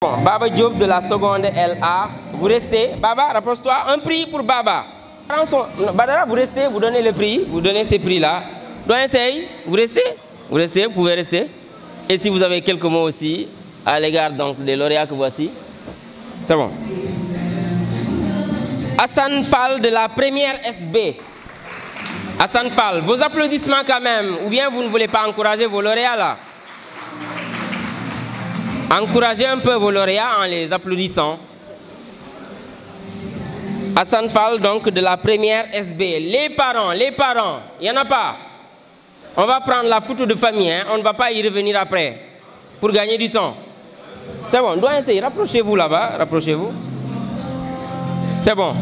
Baba Job de la seconde LA, vous restez. Baba, rapproche-toi, un prix pour Baba. Badara, vous restez, vous donnez le prix, vous donnez ces prix-là. Doyen Sey, vous restez, vous restez, vous pouvez rester. Et si vous avez quelques mots aussi à l'égard donc des lauréats que voici, c'est bon. Hassan Fall de la première SB. Hassan Fall, vos applaudissements quand même, ou bien vous ne voulez pas encourager vos lauréats là Encouragez un peu vos lauréats en les applaudissant. Hassan Fall, donc, de la première SB. Les parents, les parents, il n'y en a pas. On va prendre la photo de famille, hein, on ne va pas y revenir après, pour gagner du temps. C'est bon, on doit essayer. Rapprochez-vous là-bas, rapprochez-vous. C'est bon.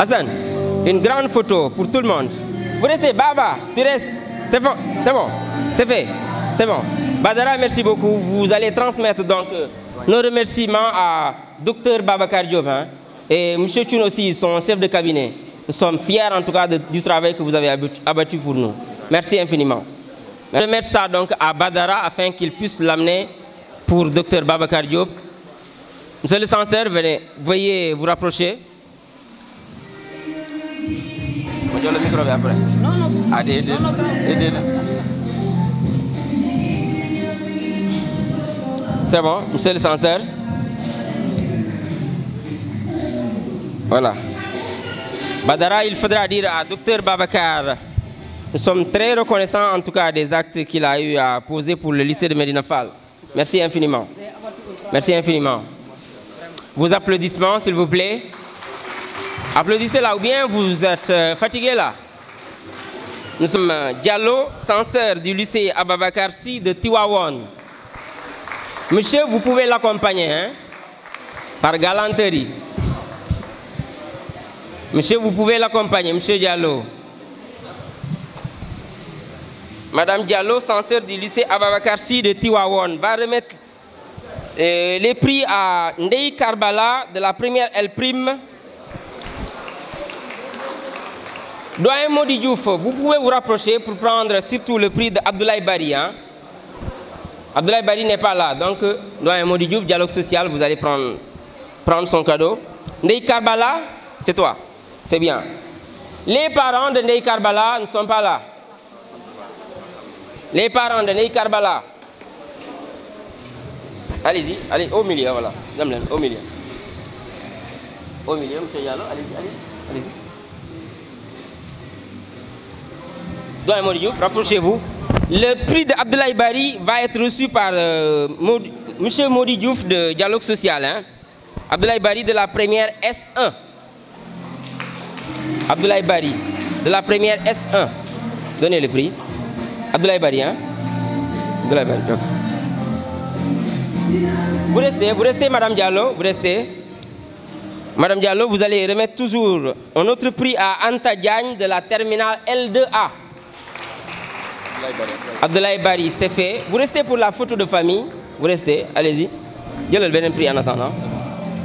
Hassan, une grande photo pour tout le monde. Vous restez, Baba, tu restes. C'est bon, c'est bon, c'est fait, c'est bon. Badara, merci beaucoup. Vous allez transmettre donc euh, nos remerciements à Dr Baba Diop hein. et M. Thune aussi, son chef de cabinet. Nous sommes fiers en tout cas du travail que vous avez abattu pour nous. Merci infiniment. Je remettre ça donc à Badara afin qu'il puisse l'amener pour Dr Babacar Diop. Monsieur le censeur, venez, veuillez vous rapprocher. Ah, c'est bon monsieur le censeur. voilà. Badara il faudra dire à docteur Babacar. Nous sommes très reconnaissants en tout cas des actes qu'il a eu à poser pour le lycée de Medina Merci infiniment. Merci infiniment. Vos applaudissements, s'il vous plaît. Applaudissez là ou bien vous êtes euh, fatigué là. Nous sommes euh, Diallo, censeur du lycée Ababakarsi de Tiwawon. Monsieur, vous pouvez l'accompagner hein, par galanterie. Monsieur, vous pouvez l'accompagner, monsieur Diallo. Madame Diallo, censeur du lycée Ababakarsi de Tiwawon, va remettre euh, les prix à Ndei Karbala de la première L prime Doyen Modi vous pouvez vous rapprocher pour prendre surtout le prix d'Abdoulaye Bari hein. Abdoulaye Bari n'est pas là, donc euh, Doyen Modi dialogue social, vous allez prendre, prendre son cadeau. Ney Karbala, c'est toi, c'est bien. Les parents de Ney Karbala ne sont pas là. Les parents de Ney Karbala. Allez-y, allez, au milieu, voilà. Au milieu. Au milieu, M. allez allez allez y rapprochez-vous. Le prix d'Abdoulaye Bari va être reçu par M. Euh, Maudit Diouf de Dialogue Social. Hein. Abdoulaye Bari de la première S1. Abdoulaye Bari de la première S1. Donnez le prix. Abdoulaye Bari hein. Abdoulaye Vous restez, vous restez, Madame Diallo, vous restez. Madame Diallo, vous allez remettre toujours un autre prix à Anta Diagne de la terminale L2A. Abdoulaye Barry, c'est fait. Vous restez pour la photo de famille. Vous restez, allez-y. Je le en attendant.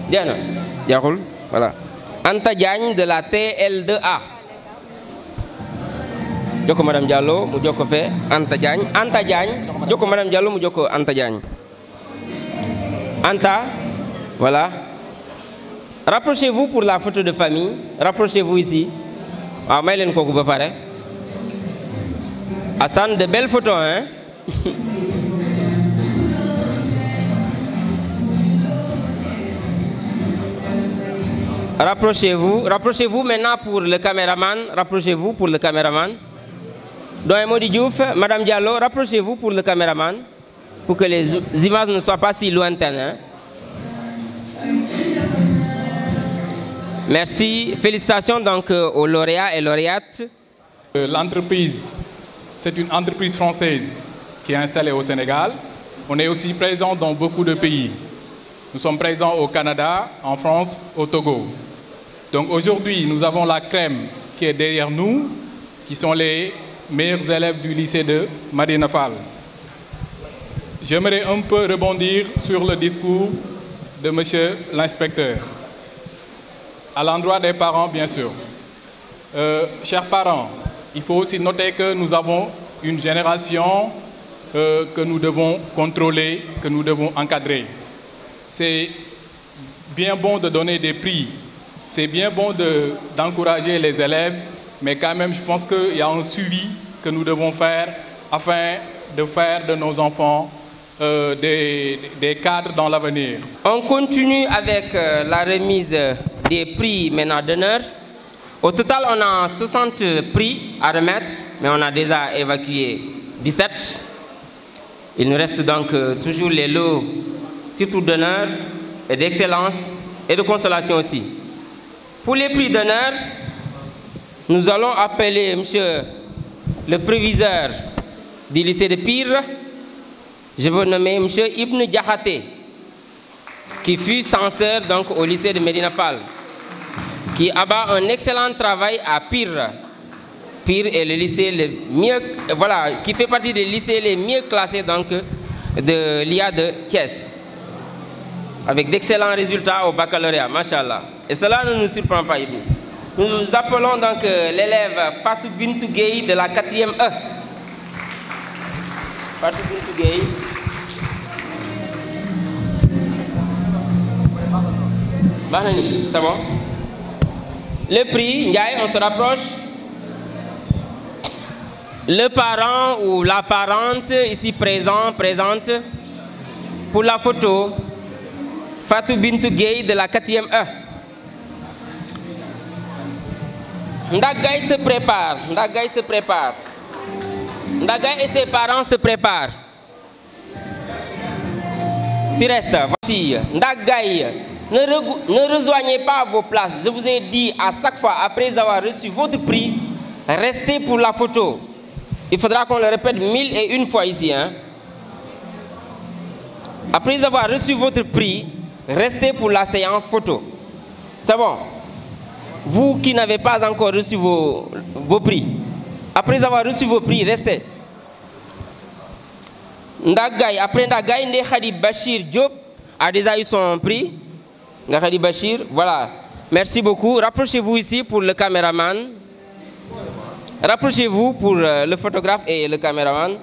Diana, Diaroul, voilà. Anta Diagne de la TL2A. Joko Madame Diallo, mu joko fait. Anta Diagne. Anta Diagne, joko Madame Diallo, mu joko Anta Diagne. Anta, voilà. Rapprochez-vous pour la photo de famille. Rapprochez-vous ici. Ah, mais il y a Hassan, de belles photos, hein Rapprochez-vous. Rapprochez-vous maintenant pour le caméraman. Rapprochez-vous pour le caméraman. Donc, Madame Diallo, rapprochez-vous pour le caméraman pour que les images ne soient pas si lointaines. Hein? Merci. Félicitations donc euh, aux lauréats et lauréates. Euh, l'entreprise c'est une entreprise française qui est installée au Sénégal. On est aussi présent dans beaucoup de pays. Nous sommes présents au Canada, en France, au Togo. Donc aujourd'hui, nous avons la crème qui est derrière nous, qui sont les meilleurs élèves du lycée de Madinafal. J'aimerais un peu rebondir sur le discours de monsieur l'inspecteur, à l'endroit des parents, bien sûr. Euh, chers parents, il faut aussi noter que nous avons une génération euh, que nous devons contrôler, que nous devons encadrer. C'est bien bon de donner des prix, c'est bien bon d'encourager les élèves, mais quand même, je pense qu'il y a un suivi que nous devons faire afin de faire de nos enfants euh, des, cadres dans l'avenir. On continue avec euh, la remise des prix maintenant d'honneur. Au total, on a 60 prix à remettre, mais on a déjà évacué 17. Il nous reste donc euh, toujours les lots, surtout d'honneur et d'excellence et de consolation aussi. Pour les prix d'honneur, nous allons appeler monsieur le préviseur du lycée de Pire. Je veux nommer M. Ibn Diahate, qui fut censeur donc, au lycée de Medina qui abat un excellent travail à Pire. Pire est le lycée le mieux, voilà, qui fait partie des lycées les mieux classés donc de l'IA de Thiès, avec d'excellents résultats au baccalauréat, machallah. Et cela ne nous surprend pas, Ibn. Nous appelons donc euh, l'élève Fatou Bintou Gueye de la 4e E. Fatou Bintou Gueye. C'est bon le prix, on se rapproche. Le parent ou la parente ici présent, présente pour la photo. Fatou Bintou Gay de la 4e E. Ndagay se prépare, Ndagay se prépare. Ndagay et ses parents se préparent. Tu restes, voici Ndagay. Ne, rejoignez pas vos places. Je vous ai dit à chaque fois, après avoir reçu votre prix, restez pour la photo. Il faudra qu'on le répète mille et une fois ici. Hein. Après avoir reçu votre prix, restez pour la séance photo. C'est bon Vous qui n'avez pas encore reçu vos, prix, après avoir reçu vos prix, restez. Ndagaï, après Khadi Bashir, Diop a déjà eu son prix. Nakhali Bachir, voilà. Merci beaucoup. Rapprochez-vous ici pour le caméraman. Rapprochez-vous pour euh, le photographe et le caméraman.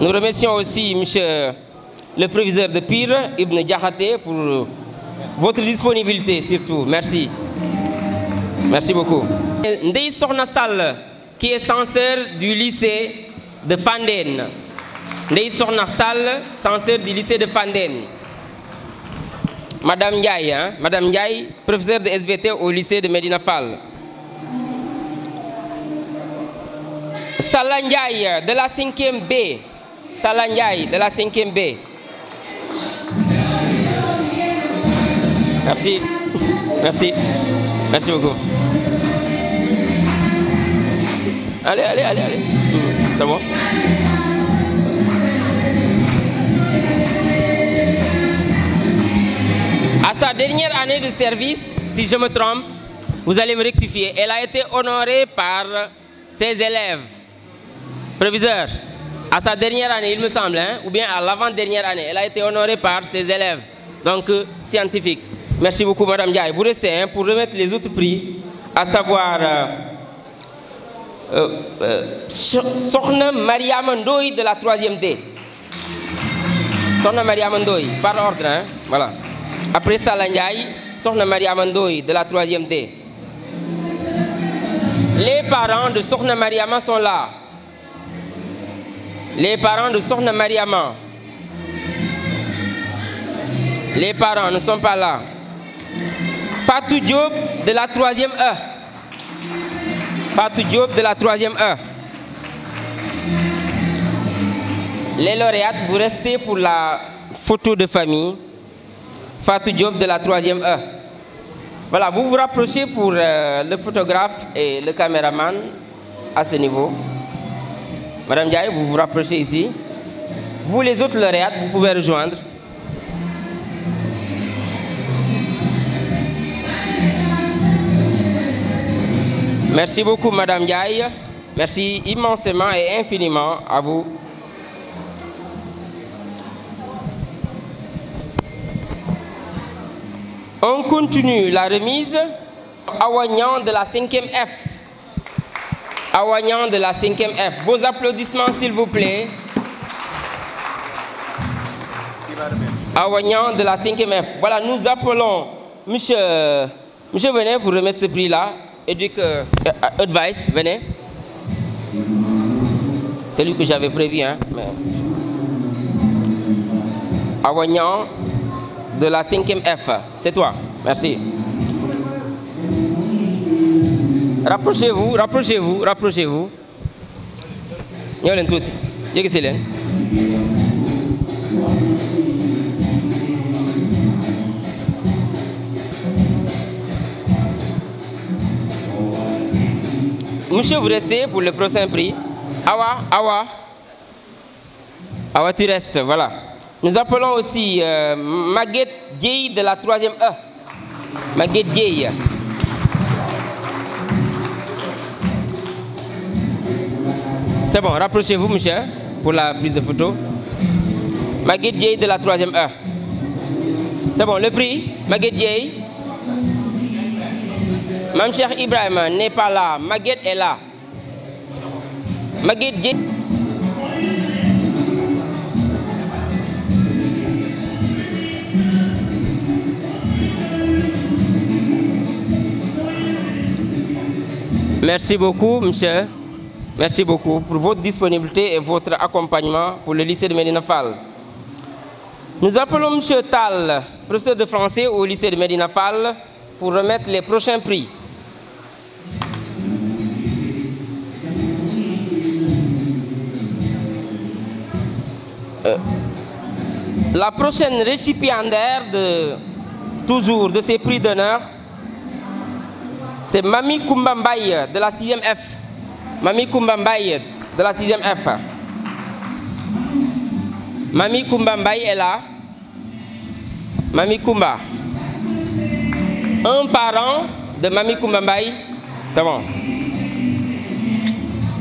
Nous remercions aussi M. le proviseur de Pire, Ibn Jahate, pour votre disponibilité surtout. Merci. Merci beaucoup. Ndei Sornassal, qui est censeur du lycée de Fanden. Leïs Nassal, censeur du lycée de Fanden. Madame Ndiaye, hein, Madame professeure de SVT au lycée de Medina Fall. Salah Ndiaye, de la 5e B. Salah Ndiaye, de la 5e B. Merci. Merci. Merci beaucoup. Allez, allez, allez, allez. C'est bon À sa dernière année de service, si je me trompe, vous allez me rectifier, elle a été honorée par ses élèves. Préviseur, à sa dernière année, il me semble, hein, ou bien à l'avant-dernière année, elle a été honorée par ses élèves, donc euh, scientifique. Merci beaucoup, Madame Diaye. Vous restez hein, pour remettre les autres prix, à savoir euh, euh, euh Maria de la 3e D. Sokhna Maria Mandoy, par ordre, hein, voilà. Après ça, Ndiaye, Sokhna Mariama de la troisième D. Les parents de Sokhna Mariama sont là. Les parents de Sokhna Mariama. Les parents ne sont pas là. Fatou Diop de la troisième e E. Fatou Diop de la troisième e E. Les lauréates, vous restez pour la photo de famille. Fatou Diop de la 3e E. Voilà, vous vous rapprochez pour euh, le photographe et le caméraman à ce niveau. Madame Diaye, vous vous rapprochez ici. Vous, les autres lauréates, vous pouvez rejoindre. Merci beaucoup, Madame Diaye. Merci immensément et infiniment à vous. On continue la remise. Awanian de la 5e F. Awanian de la 5e F. Vos applaudissements, s'il vous plaît. Awanian de la 5e F. Voilà, nous appelons monsieur, monsieur venez pour remettre ce prix-là. Euh, advice, venez. C'est lui que j'avais prévu, hein de la 5e F. C'est toi. Merci. Rapprochez-vous, rapprochez-vous, rapprochez-vous. Yolen tout. Monsieur, vous restez pour le prochain prix. Awa, Awa. Awa, tu restes, voilà. Nous appelons aussi euh, Maguette de la 3e E. Maguette C'est bon, rapprochez-vous, monsieur, hein, pour la prise de photo. Maguette Jay de la 3e E. C'est bon, le prix, Maguette Jay. Mme Cheikh Ibrahim n'est pas là, Maguette est là. Maguette Jay. Merci beaucoup, monsieur. Merci beaucoup pour votre disponibilité et votre accompagnement pour le lycée de Medina Nous appelons monsieur Tal, professeur de français au lycée de Medina pour remettre les prochains prix. Euh, la prochaine récipiendaire de toujours de ces prix d'honneur c'est Mami Kumbambaye de la 6e F. Mami Kumbambaye de la 6e F. Mami Kumbambaye est là. Mami Kumba. Un parent de Mami Kumbambaye. C'est bon.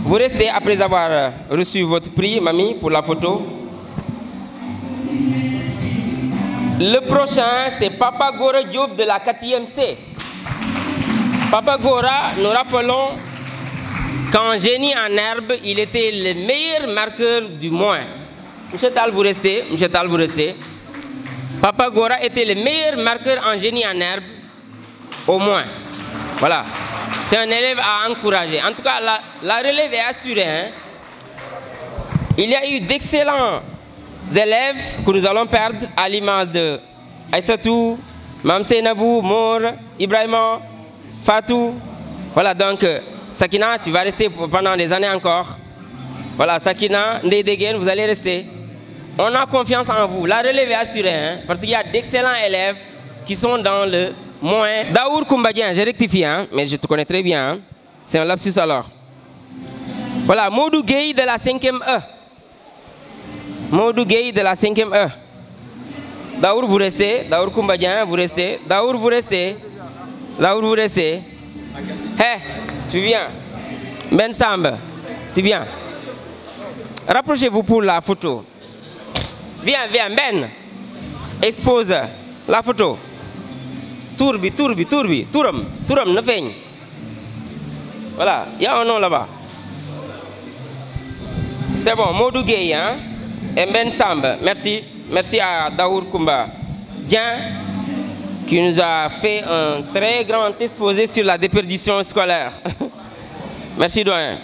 Vous restez après avoir reçu votre prix, Mami, pour la photo. Le prochain, c'est Papa Gore Diop de la 4e C. Papa Gora, nous rappelons qu'en génie en herbe, il était le meilleur marqueur du moins. Monsieur Tal, vous restez. Monsieur Tal, vous restez. Papa Gora était le meilleur marqueur en génie en herbe, au moins. Voilà. C'est un élève à encourager. En tout cas, la, relève est assurée. Hein. Il y a eu d'excellents élèves que nous allons perdre à l'image de Aïssatou, Mamsé Nabou, Mour, Ibrahima, Fatou, voilà donc euh, Sakina, tu vas rester pendant des années encore. Voilà, Sakina, Ndedegen, vous allez rester. On a confiance en vous. La relève est assurée, hein, parce qu'il y a d'excellents élèves qui sont dans le moins. Daour Koumbadien, je rectifie, hein, mais je te connais très bien. Hein. C'est un lapsus alors. Voilà, Modou de la 5e E. Modou de la 5e E. Daour, vous restez. Daour Koumbadien, vous restez. Daour, vous restez. Là où vous restez. Hé, tu viens. Ben Samba, tu viens. Rapprochez-vous pour la photo. Viens, viens, Ben. Expose la photo. Tourbi, tourbi, tourbi, tourum, tourum, ne feigne. Voilà, il y a un nom là-bas. C'est bon, Modou Gueye, hein? Et Ben Samba, merci. Merci à Daour Kumba qui nous a fait un très grand exposé sur la déperdition scolaire. Merci doyen.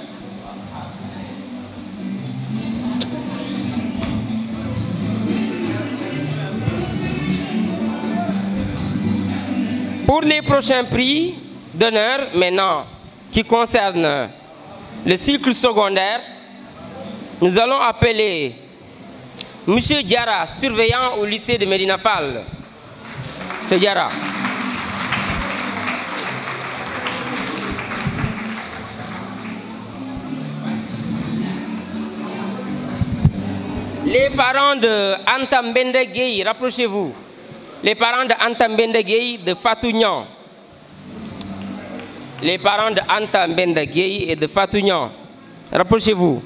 Pour les prochains prix d'honneur maintenant qui concernent le cycle secondaire, nous allons appeler M. Diara, surveillant au lycée de Medinafal. Les parents de Anta Bendegui, rapprochez-vous. Les parents de Anta et de Fatounyan. Les parents de Anta Bendegui et de Fatounyan, rapprochez-vous.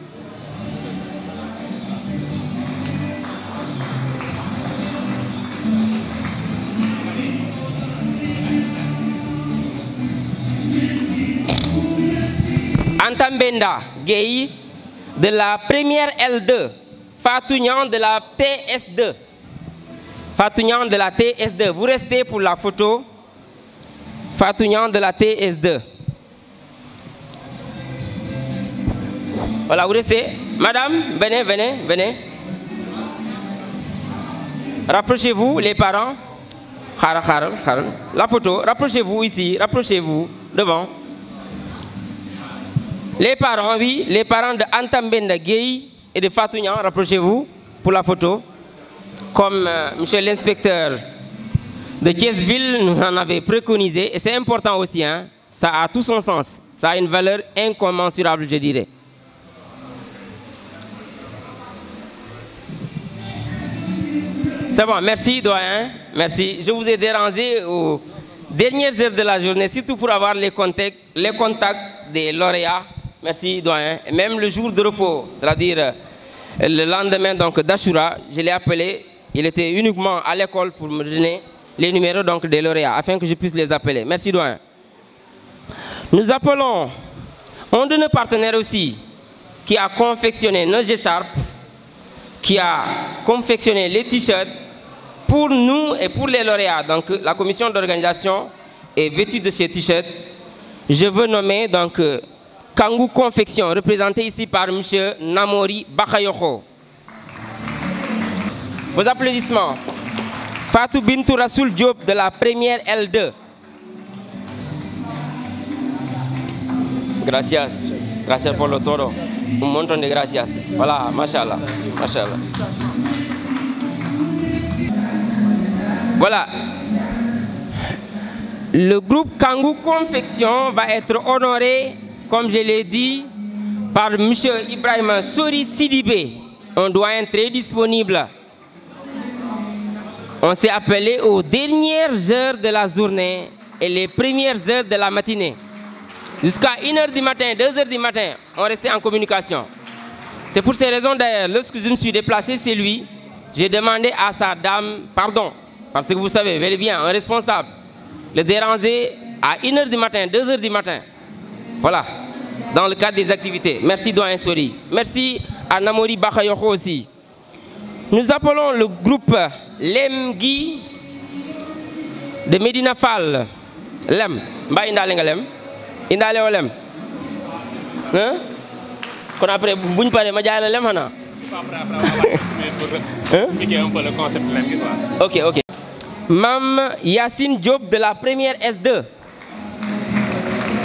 Antambenda Gayi, de la première L2, Fatounian de la TS2. Fatounian de la TS2, vous restez pour la photo. Fatounian de la TS2. Voilà, vous restez. Madame, venez, venez, venez. Rapprochez-vous, les parents. La photo, rapprochez-vous ici, rapprochez-vous, devant. Les parents, oui, les parents de Antambenda Gueye et de Fatounian, rapprochez-vous pour la photo. Comme M. Euh, monsieur l'inspecteur de Thiesville nous en avait préconisé, et c'est important aussi, hein, ça a tout son sens, ça a une valeur incommensurable, je dirais. C'est bon, merci doyen, merci. Je vous ai dérangé aux dernières heures de la journée, surtout pour avoir les contacts, les contacts des lauréats Merci, doyen. Même le jour de repos, c'est-à-dire euh, le lendemain donc d'Ashura, je l'ai appelé. Il était uniquement à l'école pour me donner les numéros donc des lauréats afin que je puisse les appeler. Merci, doyen. Nous appelons un de nos partenaires aussi qui a confectionné nos écharpes, qui a confectionné les t-shirts pour nous et pour les lauréats. Donc la commission d'organisation est vêtue de ces t-shirts. Je veux nommer donc euh, Kangou Confection, représenté ici par M. Namori Bakayoko. Vos applaudissements. Fatou Bintou Rasoul Diop de la première L2. Gracias. Gracias por lo toro. Un montón de gracias. Voilà, mashallah. Mashallah. Voilà. Le groupe Kangou Confection va être honoré comme je l'ai dit, par M. Ibrahim Sori Sidibé, un doyen très disponible. On s'est appelé aux dernières heures de la journée et les premières heures de la matinée. Jusqu'à 1h du matin, 2h du matin, on restait en communication. C'est pour ces raisons d'ailleurs, lorsque je me suis déplacé chez lui, j'ai demandé à sa dame pardon. Parce que vous savez, elle bien, un responsable, le déranger à 1h du matin, 2h du matin. Voilà dans le cadre des activités. Merci Doin Sori. Merci à Namori Bakayoko aussi. Nous appelons le groupe Lemgi de Medina Fall. Lem. lem. Indale lem. Hein? Qu'on après buñ paré ma jaay la lem hein? Expliquer un peu le concept de Lemgi OK, OK. Mme Yassine Job de la première S2.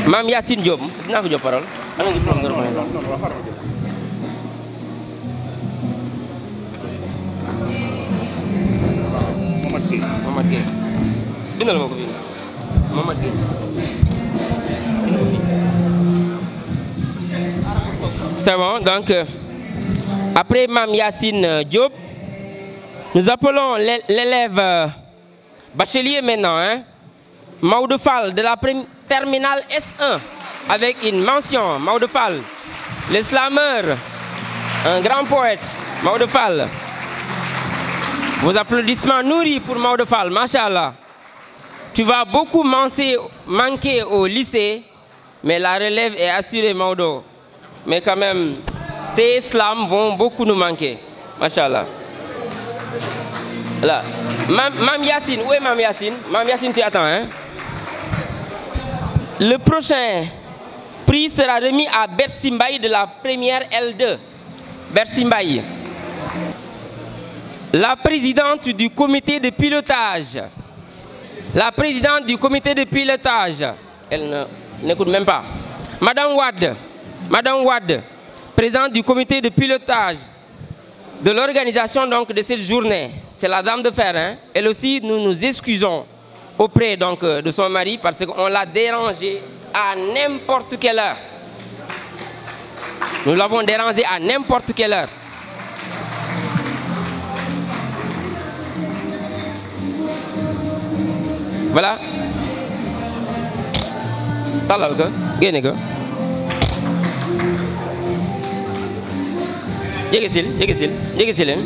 Mam Yassine Diop vous avez la parole. ana diplôme Mamad Gueye Mamad Gueye Mamad Gueye c'est bon donc euh, après Mam Yassine euh, Diop nous appelons l'élève euh, bachelier maintenant hein Maudoufal de la première Terminal S1 avec une mention, Maudefal. L'islameur, un grand poète, Maudefal. Vos applaudissements nourris pour Maudefal, Machallah. Tu vas beaucoup manquer au lycée, mais la relève est assurée, Maudo. Mais quand même, tes slams vont beaucoup nous manquer, Machallah. Là. Mam, Yassine, où est Mam Yassine Mam Yassine, tu attends, hein le prochain prix sera remis à Bersimbaï de la première L2. Bersimbaï. La présidente du comité de pilotage. La présidente du comité de pilotage. Elle n'écoute même pas. Madame Wad. Madame Wade, présidente du comité de pilotage de l'organisation de cette journée. C'est la dame de fer. Hein. Elle aussi, nous nous excusons auprès donc euh, de son mari parce qu'on l'a dérangé à n'importe quelle heure. Nous l'avons dérangé à n'importe quelle heure. Voilà. Hein,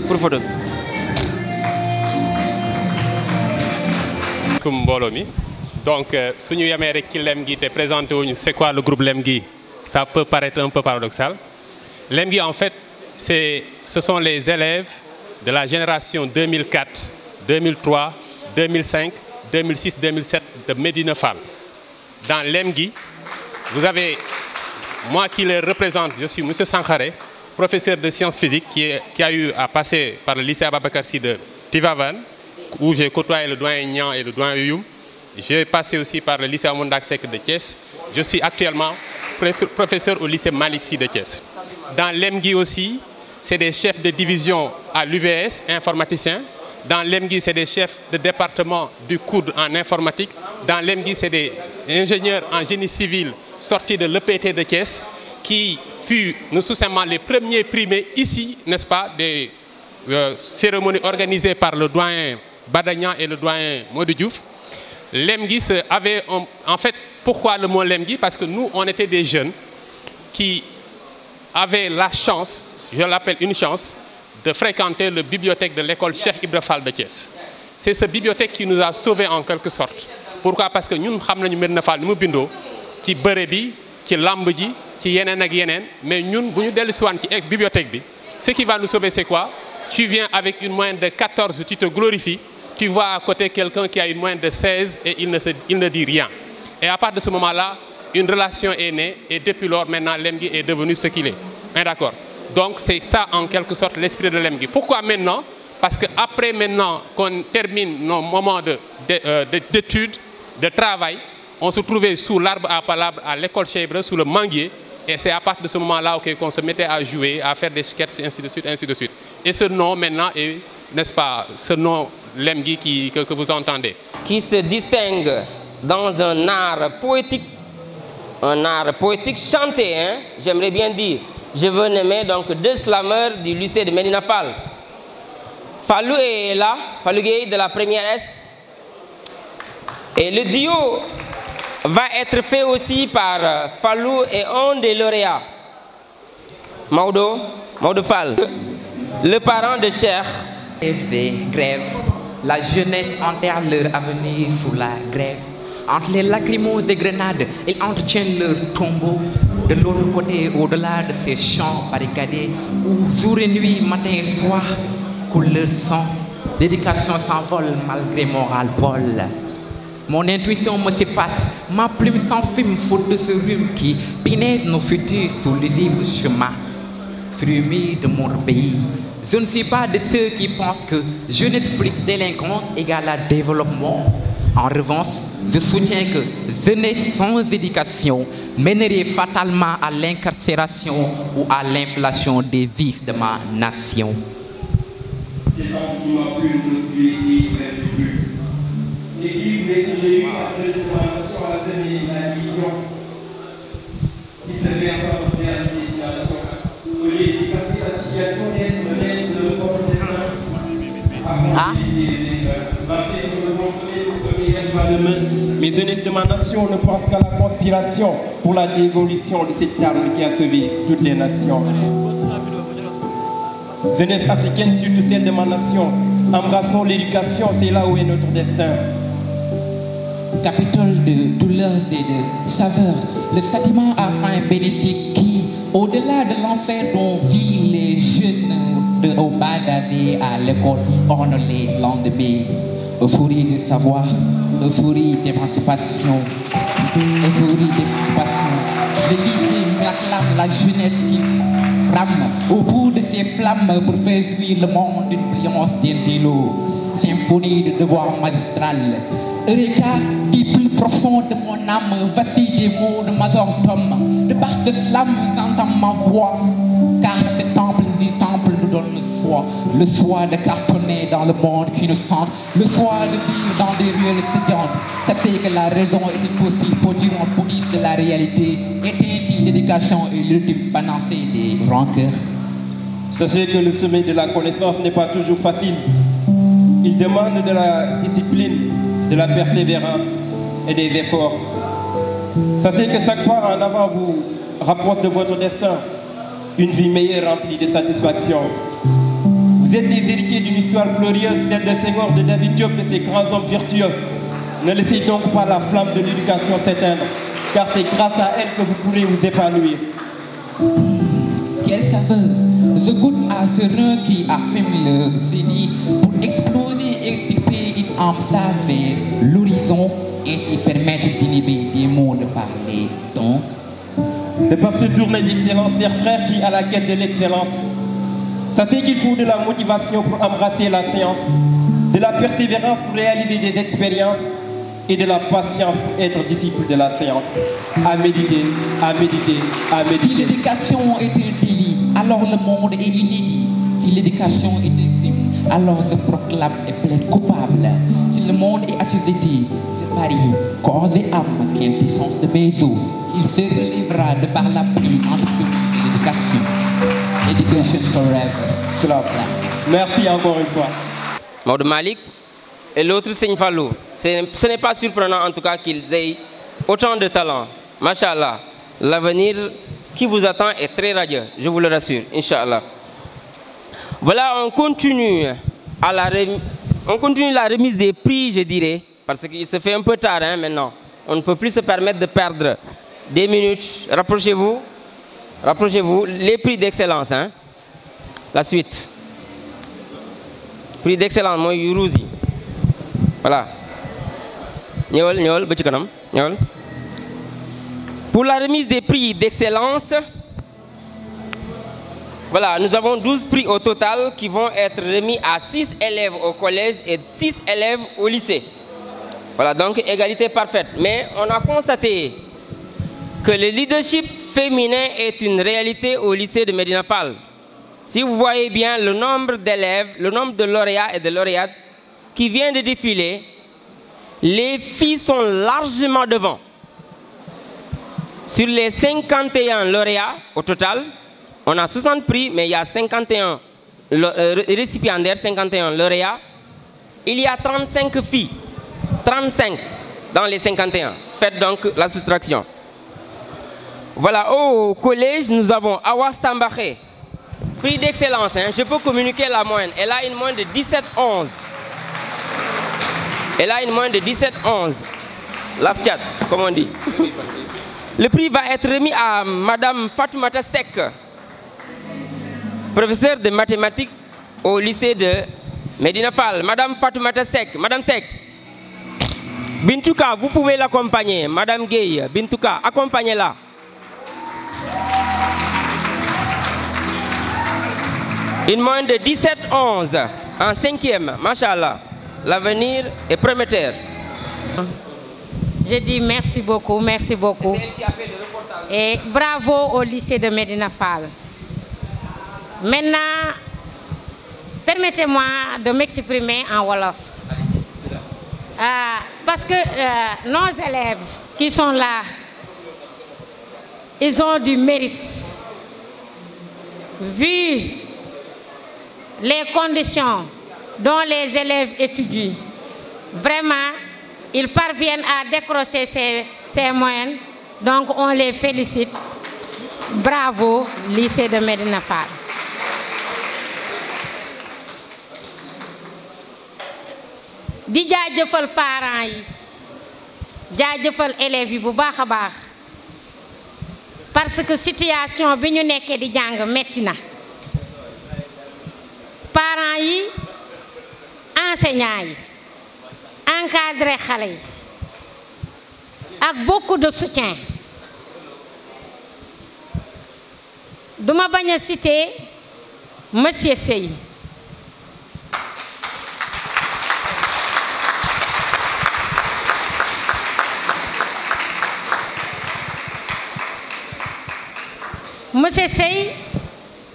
pour photo. donc euh, suñu te c'est quoi le groupe lemgi? ça peut paraître un peu paradoxal Lemgi en fait ce sont les élèves de la génération 2004 2003 2005 2006 2007 de Medina dans lemgi, vous avez moi qui les représente je suis M. Sankhare professeur de sciences physiques qui, a eu à passer par le lycée Ababakarsi de Tivavan où j'ai côtoyé le doyen Nian et le doyen Youm. J'ai passé aussi par le lycée Amondak Sek de Thiès. Je suis actuellement professeur au lycée Malixi de Thiès. Dans l'EMGI aussi, c'est des chefs de division à l'UVS, informaticiens. Dans l'EMGI, c'est des chefs de département du coude en informatique. Dans l'EMGI, c'est des ingénieurs en génie civil sortis de l'EPT de Thiès qui fut nous sommes les premiers primés ici, n'est-ce pas, des euh, cérémonies organisées par le doyen Badagnan et le doyen Maudou Diouf, Lemgis avait... en fait, pourquoi le mot Lemgi Parce que nous, on était des jeunes qui avaient la chance, je l'appelle une chance, de fréquenter la bibliothèque de l'école Cheikh Ibrafal de Thiès. C'est cette bibliothèque qui nous a sauvés en quelque sorte. Pourquoi Parce que nous savons que nous sommes nous ci qui bi ci lamb ji ci yeneen ak mais nous, nous ñu qui ci bibliothèque bi ce qui va nous sauver c'est quoi tu viens avec une moyenne de 14, tu te glorifies, tu vois à côté quelqu'un qui a une moyenne de 16 et il ne, dit rien. Et à partir de ce moment-là, une relation est née et depuis lors, maintenant, l'EMGI est devenu ce qu'il est. D'accord Donc, c'est ça, en quelque sorte, l'esprit de l'EMGI. Pourquoi maintenant Parce qu'après maintenant qu'on termine nos moments euh, d'études, de, travail, on se trouvait sous l'arbre à palabre à l'école chèvre, sous le manguier, et c'est à partir de ce moment-là qu'on se mettait à jouer, à faire des sketchs, ainsi de suite, ainsi de suite. Et ce nom maintenant est, n'est-ce pas, ce nom Lemgui que, vous entendez. Qui se distingue dans un art poétique, un art poétique chanté, hein, j'aimerais bien dire. Je veux nommer donc deux slameurs du lycée de Medina Fall. Fallou est là, Fallou de la première S. Et le duo va être fait aussi par Fallou et un des lauréats. Maudo, Maudo Fall. Le parent de Cher. Des grèves. La jeunesse enterre leur avenir sous la grève. Entre les lacrymos et grenades, ils entretiennent leur tombeau. De l'autre côté, au-delà de ces champs barricadés, où jour et nuit, matin et soir, coule leur sang, Dédication s'envole malgré moral ras Mon intuition me s'efface, ma plume s'enfume faute de ce rhume qui pinaise nos futurs sous les l'usine chemin. Fruits de mon pays, je ne suis pas de ceux qui pensent que jeunesse plus délinquance égale à développement. En revanche, je soutiens que jeunesse sans éducation mènerait fatalement à l'incarcération ou à l'inflation des vices de ma nation. Mais ah. Mes n'ai de ma nation ne pensent qu'à la conspiration pour la dévolution de cette arme qui a sauvé toutes les nations. Jeunesse africaine, surtout celle de ma nation, embrassons l'éducation, c'est là où est notre destin. Capitole de douleurs et de saveurs, le sentiment a un bénéfique qui, au-delà de l'enfer dont vit les au bas d'année à l'école, on les lendemains. Euphorie de savoir, euphorie d'émancipation, euphorie d'émancipation. Le lycée m'acclame la jeunesse qui frame au bout de ses flammes pour faire fuir le monde d'une brillance d'indélo. Symphonie de devoir magistral, Eureka qui plus profond de mon âme, vacille des mots de ma tombe. De par ce slam, j'entends ma voix, car ce temple du temple le choix. Le choix de cartonner dans le monde qui nous sent, Le choix de vivre dans des ruelles Ça Sachez que la raison est impossible pour dire en police de la réalité. Et ainsi l'éducation est l'ultime panacée des rancœurs. Sachez que le sommet de la connaissance n'est pas toujours facile. Il demande de la discipline, de la persévérance et des efforts. Sachez que chaque pas en avant vous rapproche de votre destin, une vie meilleure remplie de satisfaction vous êtes les héritiers d'une histoire glorieuse, celle de seigneurs de David Diop, de ces grands hommes virtueux. Ne laissez donc pas la flamme de l'éducation s'éteindre, car c'est grâce à elle que vous pourrez vous épanouir. Quelle saveur Je goutte à rhum qui affirme le génie pour exploser et extirper une âme sale vers l'horizon et s'y permettre d'inhiber des mots de parler Donc... C'est par toujours journée d'excellence, chers frères, qui, à la quête de l'excellence, ça fait qu'il faut de la motivation pour embrasser la science, de la persévérance pour réaliser des expériences et de la patience pour être disciple de la science. À méditer, à méditer, à méditer. Si l'éducation est un délit, alors le monde est inédit. Si l'éducation est un crime, alors se proclame et plaide coupable. Si le monde est assujetti, c'est Paris, corps et âme, qui des sens de Bézo. Il se relèvera de par la pluie entre l'éducation. Education Forever. rêve. Merci encore une fois. Maud Malik et l'autre Seigne Fallou. Ce n'est pas surprenant en tout cas qu'ils aient autant de talent. Machallah, l'avenir qui vous attend est très radieux, je vous le rassure, Inch'Allah. Voilà, on continue, à la remise, on continue la remise des prix, je dirais, parce qu'il se fait un peu tard hein, maintenant. On ne peut plus se permettre de perdre des minutes. Rapprochez-vous. Rapprochez-vous, les prix d'excellence. Hein. La suite. Prix d'excellence, moi, Yuruzi. Voilà. Pour la remise des prix d'excellence, voilà, nous avons 12 prix au total qui vont être remis à 6 élèves au collège et 6 élèves au lycée. Voilà, donc égalité parfaite. Mais on a constaté que le leadership féminin est une réalité au lycée de Fall. Si vous voyez bien le nombre d'élèves, le nombre de lauréats et de lauréates qui viennent de défiler, les filles sont largement devant. Sur les 51 lauréats au total, on a 60 prix, mais il y a 51 euh, récipiendaires, 51 lauréats. Il y a 35 filles, 35 dans les 51. Faites donc la soustraction. Voilà, au collège, nous avons Awa Sambaré, prix d'excellence. Hein. Je peux communiquer la moyenne. Elle a une moyenne de 11 Elle a une moyenne de 11 Lafchat, comme on dit. Le prix va être remis à Madame Fatoumata Sek, professeure de mathématiques au lycée de Medina Fall. Madame Fatoumata Sek, Madame Sek, Bintouka, vous pouvez l'accompagner. Madame Gueye, Bintouka, accompagnez-la. Une moyenne de 17-11 en cinquième, machallah. L'avenir est prometteur. Je dis merci beaucoup, merci beaucoup. Et bravo au lycée de Medina Fall. Maintenant, permettez-moi de m'exprimer en Wolof. Euh, parce que euh, nos élèves qui sont là, ils ont du mérite. Vu les conditions dont les élèves étudient, vraiment, ils parviennent à décrocher ces, moyens, Donc, on les félicite. Bravo, lycée de Medina di parents élèves parce que situation bi ñu de di maintenant. maintenant. parents enseignants les encadré beaucoup de soutien duma vais citer M. Sey. Monsieur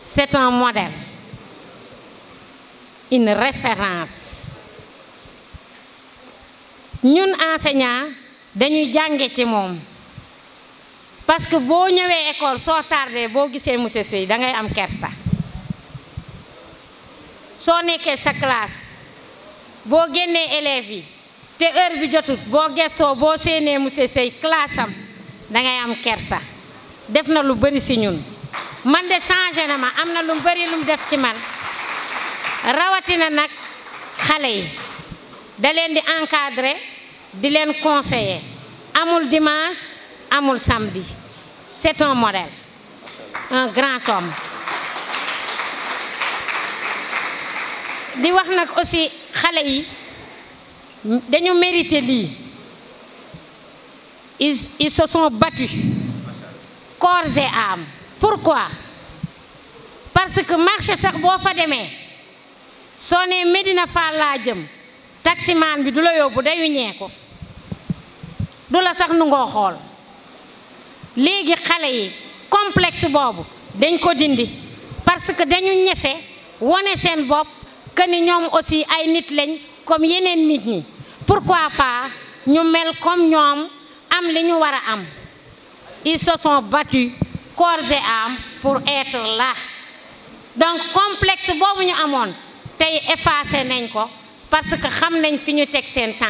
c'est un modèle, une référence. Nous enseignants nous ci parce que si une école soo tardé si nous monsieur Sey da ngay am kersa vous sa classe vos génnee élèves yi te heure bi jotut si vous classe da ngay am def na lu bari si ñun man de changé na ma am na lu bari lu def ci man na nak xalé yi da di encadrer di len conseiller amul dimanche amul samedi c'est un modèle un grand homme di wax nak aussi xalé yi dañu mérité li ils ils se sont battus corps et âme pourquoi parce que marché sax boo fa demee soo nee Medina Fall laa jëm taximaan bi du la yóbbu dayu ñee ko du la sax nungoo xool léegi xale yi complexe boobu dañ ko dindi parce que dañu ñefe wone seen bopp que ni ñoom aussi ay nit lañ comme yeneen nit ñi pourquoi pas ñu mel comme ñoom am li ñu war a am ils se sont battus corps et âme pour être là donc complexe boobu ñu mon effacé parce que xam nañ que nous avons temps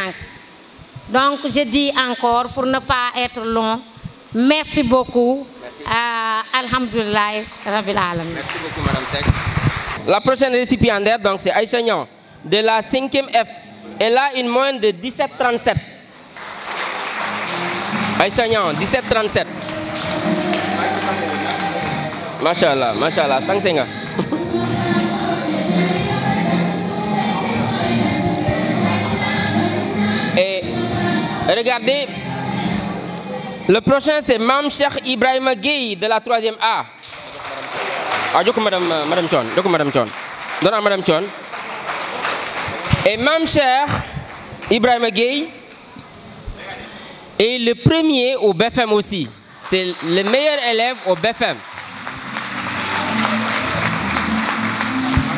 donc je dis encore pour ne pas être long merci beaucoup euh, Alhamdulillah, rabil alamin merci beaucoup madame la prochaine récipiendaire donc c'est Aïcha de la 5e F elle a une moyenne de 17,37 Aïcha Nyan, 17 37. macha et regardez le prochain c'est Mam Cheikh Ibrahima Gueye de la 3e A. ah madame euh, madame Thion jox Mme madame Donne à madame Thion et Mam Cheikh Ibrahima Gueye et le premier au BFM aussi. C'est le meilleur élève au BFM.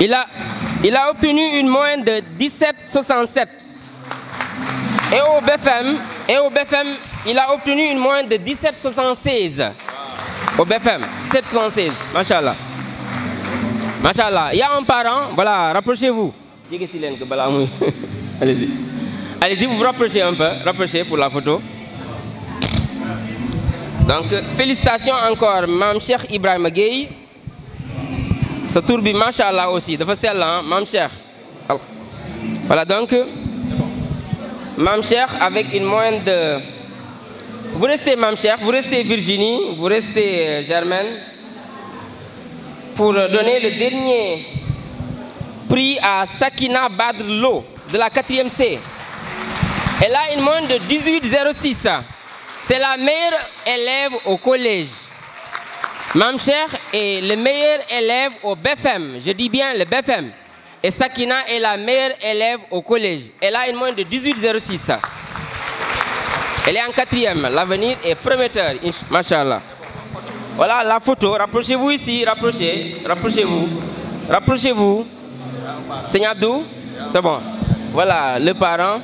Il a, il a obtenu une moyenne de 17,67. Et au BFM, et au BFM, il a obtenu une moyenne de 17,76. Au BFM, 7,76. Machallah. Machallah. Il y a un parent, voilà, rapprochez-vous. Allez-y. Allez-y, vous vous rapprochez un peu, rapprochez pour la photo donc félicitations encore Mam Cheikh Ibrahim Gueye. ce tour Masha'Allah aussi de sell là, hein, Mam Cheikh. voilà donc Mam Cheikh avec une moyenne de vous restez Mam Cheikh vous restez Virginie vous restez euh, Germaine pour donner le dernier prix à Sakina Lo de la 4e C. Elle a une moyenne de 18,06. C'est la meilleure élève au collège. Mam Cher est le meilleur élève au BFM. Je dis bien le BFM. Et Sakina est la meilleure élève au collège. Elle a une moyenne de 18,06. Elle est en quatrième. L'avenir est prometteur. Machallah. Voilà la photo. Rapprochez-vous ici. Rapprochez. Rapprochez-vous. Rapprochez-vous. Seigneur Abdou, c'est bon. Voilà le parent.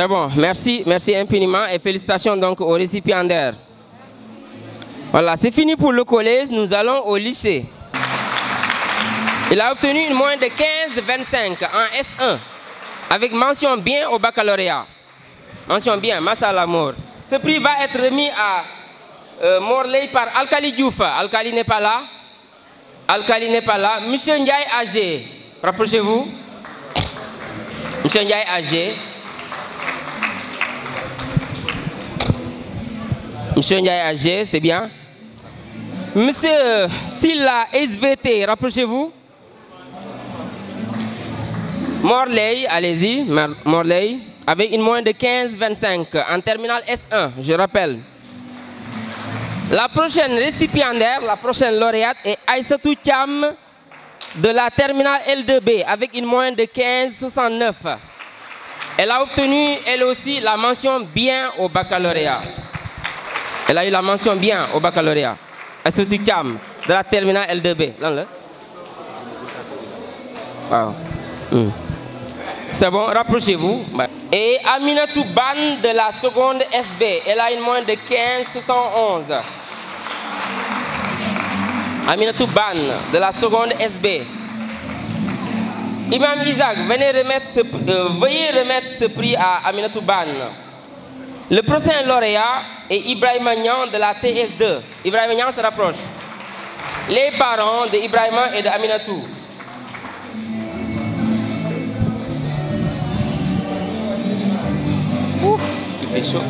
C'est bon, merci, merci infiniment et félicitations donc aux récipiendaires. Voilà, c'est fini pour le collège, nous allons au lycée. Il a obtenu une moyenne de 15,25 en S1, avec mention bien au baccalauréat. Mention bien, massa à mort. Ce prix va être remis à euh, Morley par Alkali Diouf. Alkali n'est pas là. Alkali n'est pas là. Monsieur Ndiaye Agé, rapprochez-vous. Monsieur Ndiaye Agé. Monsieur Ndiaye c'est bien. Monsieur euh, Silla SVT, rapprochez-vous. Morley, allez-y, Morley, avec une moyenne de 15,25, en terminale S1, je rappelle. La prochaine récipiendaire, la prochaine lauréate est Aïssatou Cham de la terminale L2B avec une moyenne de 15,69. Elle a obtenu elle aussi la mention bien au baccalauréat. Elle a eu la mention bien au baccalauréat. Elle se de la terminale L2B. Hmm. C'est bon, rapprochez-vous. Bah. Et Aminatou Ban de la seconde SB. Elle a une moyenne de 1571. Aminatou Ban de la seconde SB. Imam Isaac, venez remettre ce, euh, veuillez remettre ce prix à Aminatou Ban. Le prochain lauréat est Ibrahima de la TS2. Ibrahim se rapproche. Les parents de Ibrahima et de Ouf, il fait chaud.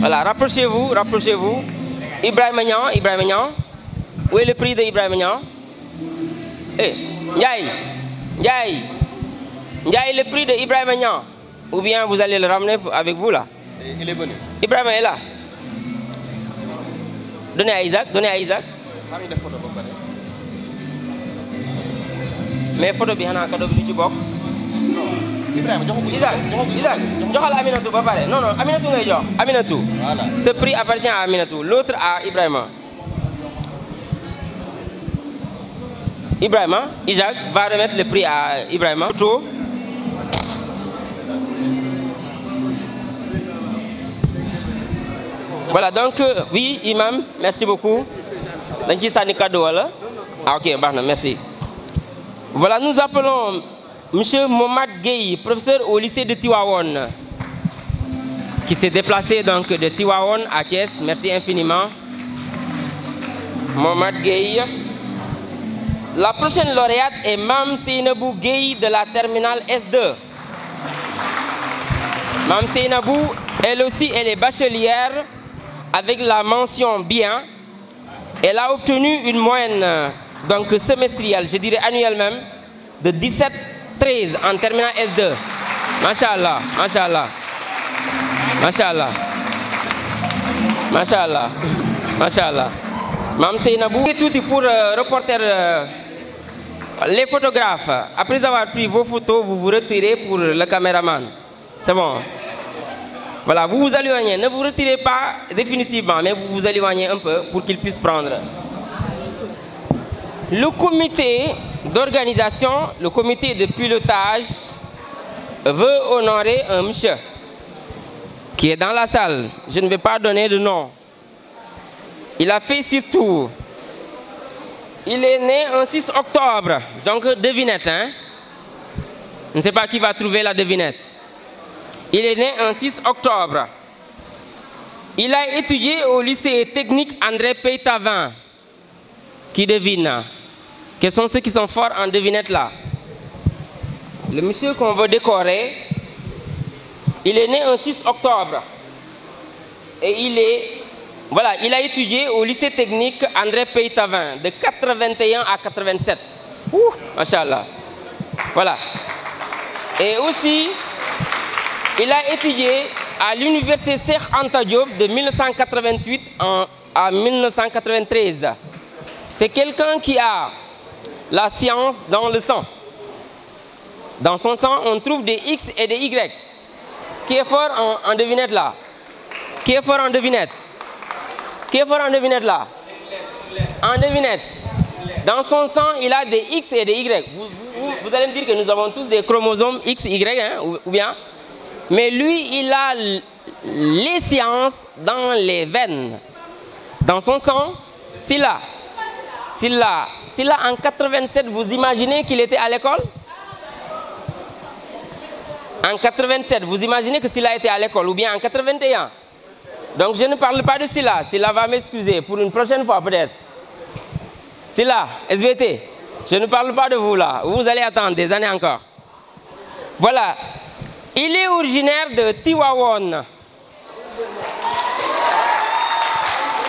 Voilà, rapprochez-vous, rapprochez-vous. ibrahim Nian, Ibrahima Où est le prix de Ibrahima Eh, Ndiaye, Ndiaye, le prix de Ibrahima ou bien vous allez le ramener avec vous là. il est bon. Ibrahim est là. Donnez à Isaac, donnez à Isaac. mais photo bi un cadeau du Non. Ibrahim, Isaac Isaac non non Aminatou Aminatou. ce prix appartient à Aminatou l'autre à Ibrahim. Ibrahim, Isaac va remettre le prix à Ibrahima. voilà donc euh, oui imam merci beaucoup c'est là. ah ok merci voilà nous appelons monsieur Momad Gueye professeur au lycée de Tiwawon qui s'est déplacé donc de Tiwawon à Thiès merci infiniment Momad Gueye la prochaine lauréate est Mam Seinabou Gueye de la terminale S2 Mam Seinabou, elle aussi elle est bachelière avec la mention bien, elle a obtenu une moyenne euh, donc semestrielle, je dirais annuelle même, de 17-13 en terminant S2. Masha'Allah, Masha'Allah, Masha'Allah, Masha'Allah, Masha'Allah. Mme Seynabou, tout pour euh, reporter euh, les photographes. Après avoir pris vos photos, vous vous retirez pour le caméraman. C'est bon hein? Voilà, vous vous éloignez, ne vous retirez pas définitivement, mais vous vous éloignez un peu pour qu'il puisse prendre. Le comité d'organisation, le comité de pilotage veut honorer un monsieur qui est dans la salle. Je ne vais pas donner de nom. Il a fait six tours. Il est né en 6 octobre, donc devinette. Hein? Je ne sais pas qui va trouver la devinette. Il est né en 6 octobre. Il a étudié au lycée technique André Peytavin. Qui devine Quels sont ceux qui sont forts en devinette là Le monsieur qu'on veut décorer, il est né en 6 octobre. Et il est... Voilà, il a étudié au lycée technique André Peytavin de 81 à 87. Ouh, Machallah. Voilà. Et aussi, il a étudié à l'université Serh Anta Diop de 1988 à 1993. C'est quelqu'un qui a la science dans le sang. Dans son sang, on trouve des X et des Y. Qui est fort en, devinette là Qui est fort en devinette Qui est fort en devinette là En devinette. Dans son sang, il a des X et des Y. Vous, allez me dire que nous avons tous des chromosomes X, Y, hein, ou bien mais lui, il a les sciences dans les veines. Dans son sang, s'il a. S'il en 87, vous imaginez qu'il était à l'école En 87, vous imaginez que Silla était à l'école ou bien en 81 Donc je ne parle pas de Silla. Silla va m'excuser pour une prochaine fois peut-être. Silla, SVT, je ne parle pas de vous là. Vous allez attendre des années encore. Voilà, il est originaire de Tiwawon.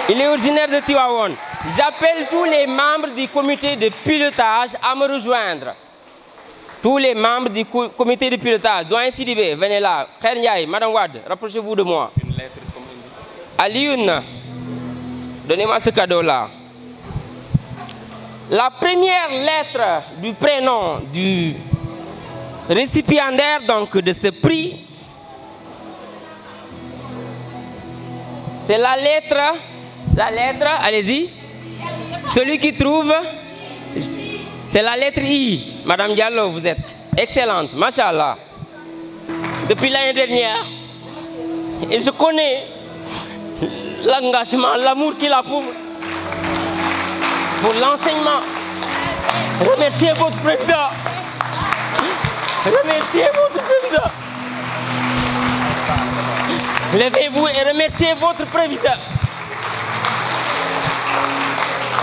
Il est originaire de Tiwawon. J'appelle tous les membres du comité de pilotage à me rejoindre. Tous les membres du comité de pilotage, ainsi Sidibé, venez là. Madame Wad, rapprochez-vous de moi. Une donnez-moi ce cadeau-là. La première lettre du prénom du récipiendaire donc de ce prix, c'est la lettre, la lettre, allez-y, celui qui trouve, c'est la lettre I. Madame Diallo, vous êtes excellente, machallah. Depuis l'année dernière, et je connais l'engagement, l'amour qu'il a pour, pour l'enseignement. Remerciez votre président. Remerciez votre préviseur. Levez-vous et remerciez votre préviseur.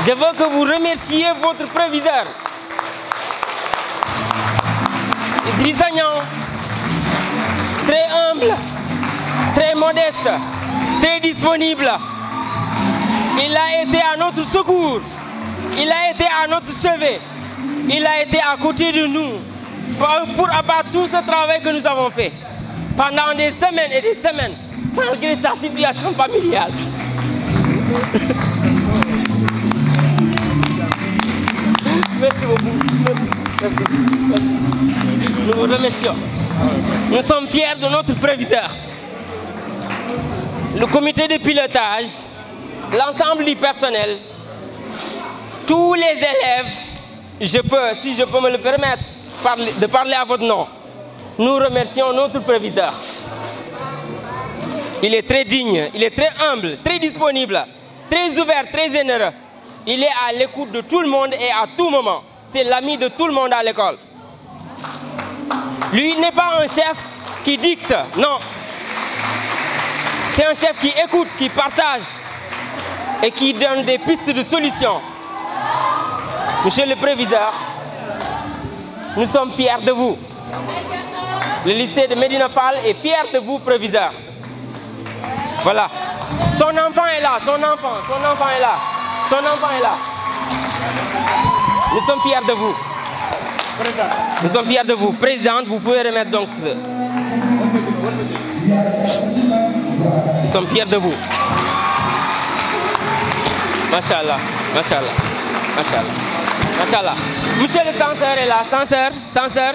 Je veux que vous remerciez votre préviseur. Trisagnant, très humble, très modeste, très disponible. Il a été à notre secours. Il a été à notre chevet. Il a été à côté de nous pour avoir tout ce travail que nous avons fait pendant des semaines et des semaines, malgré ta situation familiale. Merci beaucoup. Nous vous remercions. Nous sommes fiers de notre préviseur. Le comité de pilotage, l'ensemble du personnel, tous les élèves, je peux, si je peux me le permettre, de parler à votre nom. Nous remercions notre préviseur. Il est très digne, il est très humble, très disponible, très ouvert, très généreux. Il est à l'écoute de tout le monde et à tout moment. C'est l'ami de tout le monde à l'école. Lui n'est pas un chef qui dicte, non. C'est un chef qui écoute, qui partage et qui donne des pistes de solutions. Monsieur le Préviseur, nous sommes fiers de vous. Le lycée de Medina Fall est fier de vous, proviseur. Voilà. Son enfant est là, son enfant, son enfant est là. Son enfant est là. Nous sommes fiers de vous. Nous sommes fiers de vous. Présente, vous pouvez remettre donc ce... Nous sommes fiers de vous. Mashallah, Mashallah, Mashallah, Mashallah. Monsieur le censeur est là. Censeur, censeur,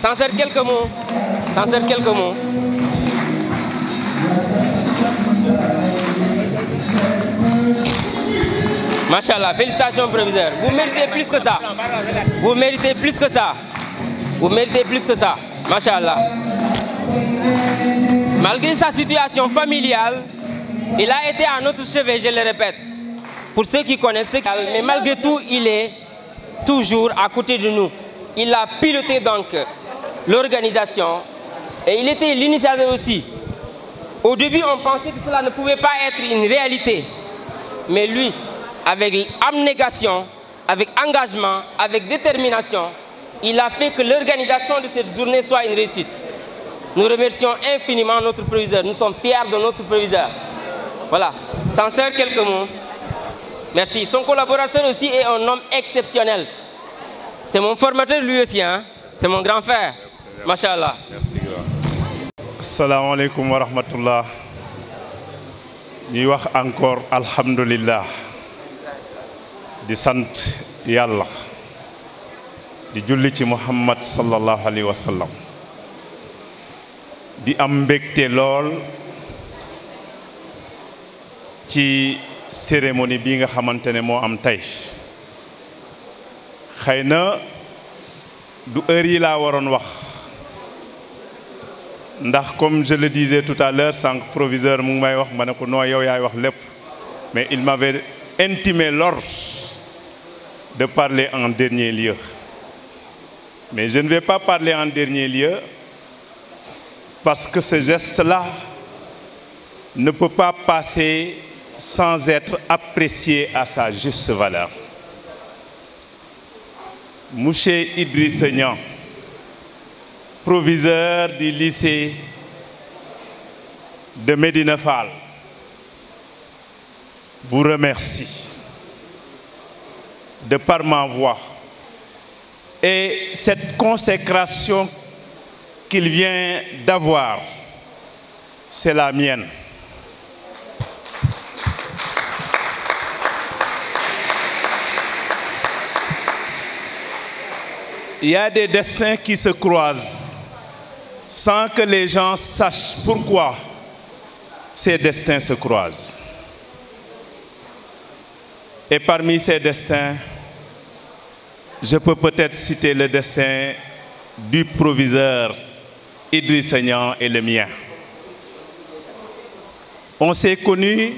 censeur, quelques mots. Censeur, quelques mots. Machallah, félicitations proviseur. Vous méritez plus que ça. Vous méritez plus que ça. Vous méritez plus que ça. Machallah. Malgré sa situation familiale, il a été à notre chevet, je le répète. Pour ceux qui connaissent, mais malgré tout, il est toujours à côté de nous. Il a piloté donc l'organisation et il était l'initiateur aussi. Au début, on pensait que cela ne pouvait pas être une réalité. Mais lui, avec abnégation, avec engagement, avec détermination, il a fait que l'organisation de cette journée soit une réussite. Nous remercions infiniment notre proviseur. Nous sommes fiers de notre proviseur. Voilà. Sans faire quelques mots. Merci. Son collaborateur aussi est un homme exceptionnel. C'est mon formateur lui aussi, hein. C'est mon grand frère. Masha'Allah. Merci Salam alaikum wa rahmatullah. ñuy encore alhamdulillah di sante Yallah di julli muhammad sallallahu alayhi wa sallam di ambecte lol cérémonie bi nga du comme je le disais tout à l'heure sans proviseur mu mais il m'avait intimé l'ordre de parler en dernier lieu mais je ne vais pas parler en dernier lieu parce que ce geste-là ne peut pas passer sans être apprécié à sa juste valeur. Mouché Idriss proviseur du lycée de Médinefal, vous remercie de par ma voix et cette consécration qu'il vient d'avoir, c'est la mienne. il y a des destins qui se croisent sans que les gens sachent pourquoi ces destins se croisent. Et parmi ces destins, je peux peut-être citer le destin du proviseur Idriss Seigneur et le mien. On s'est connus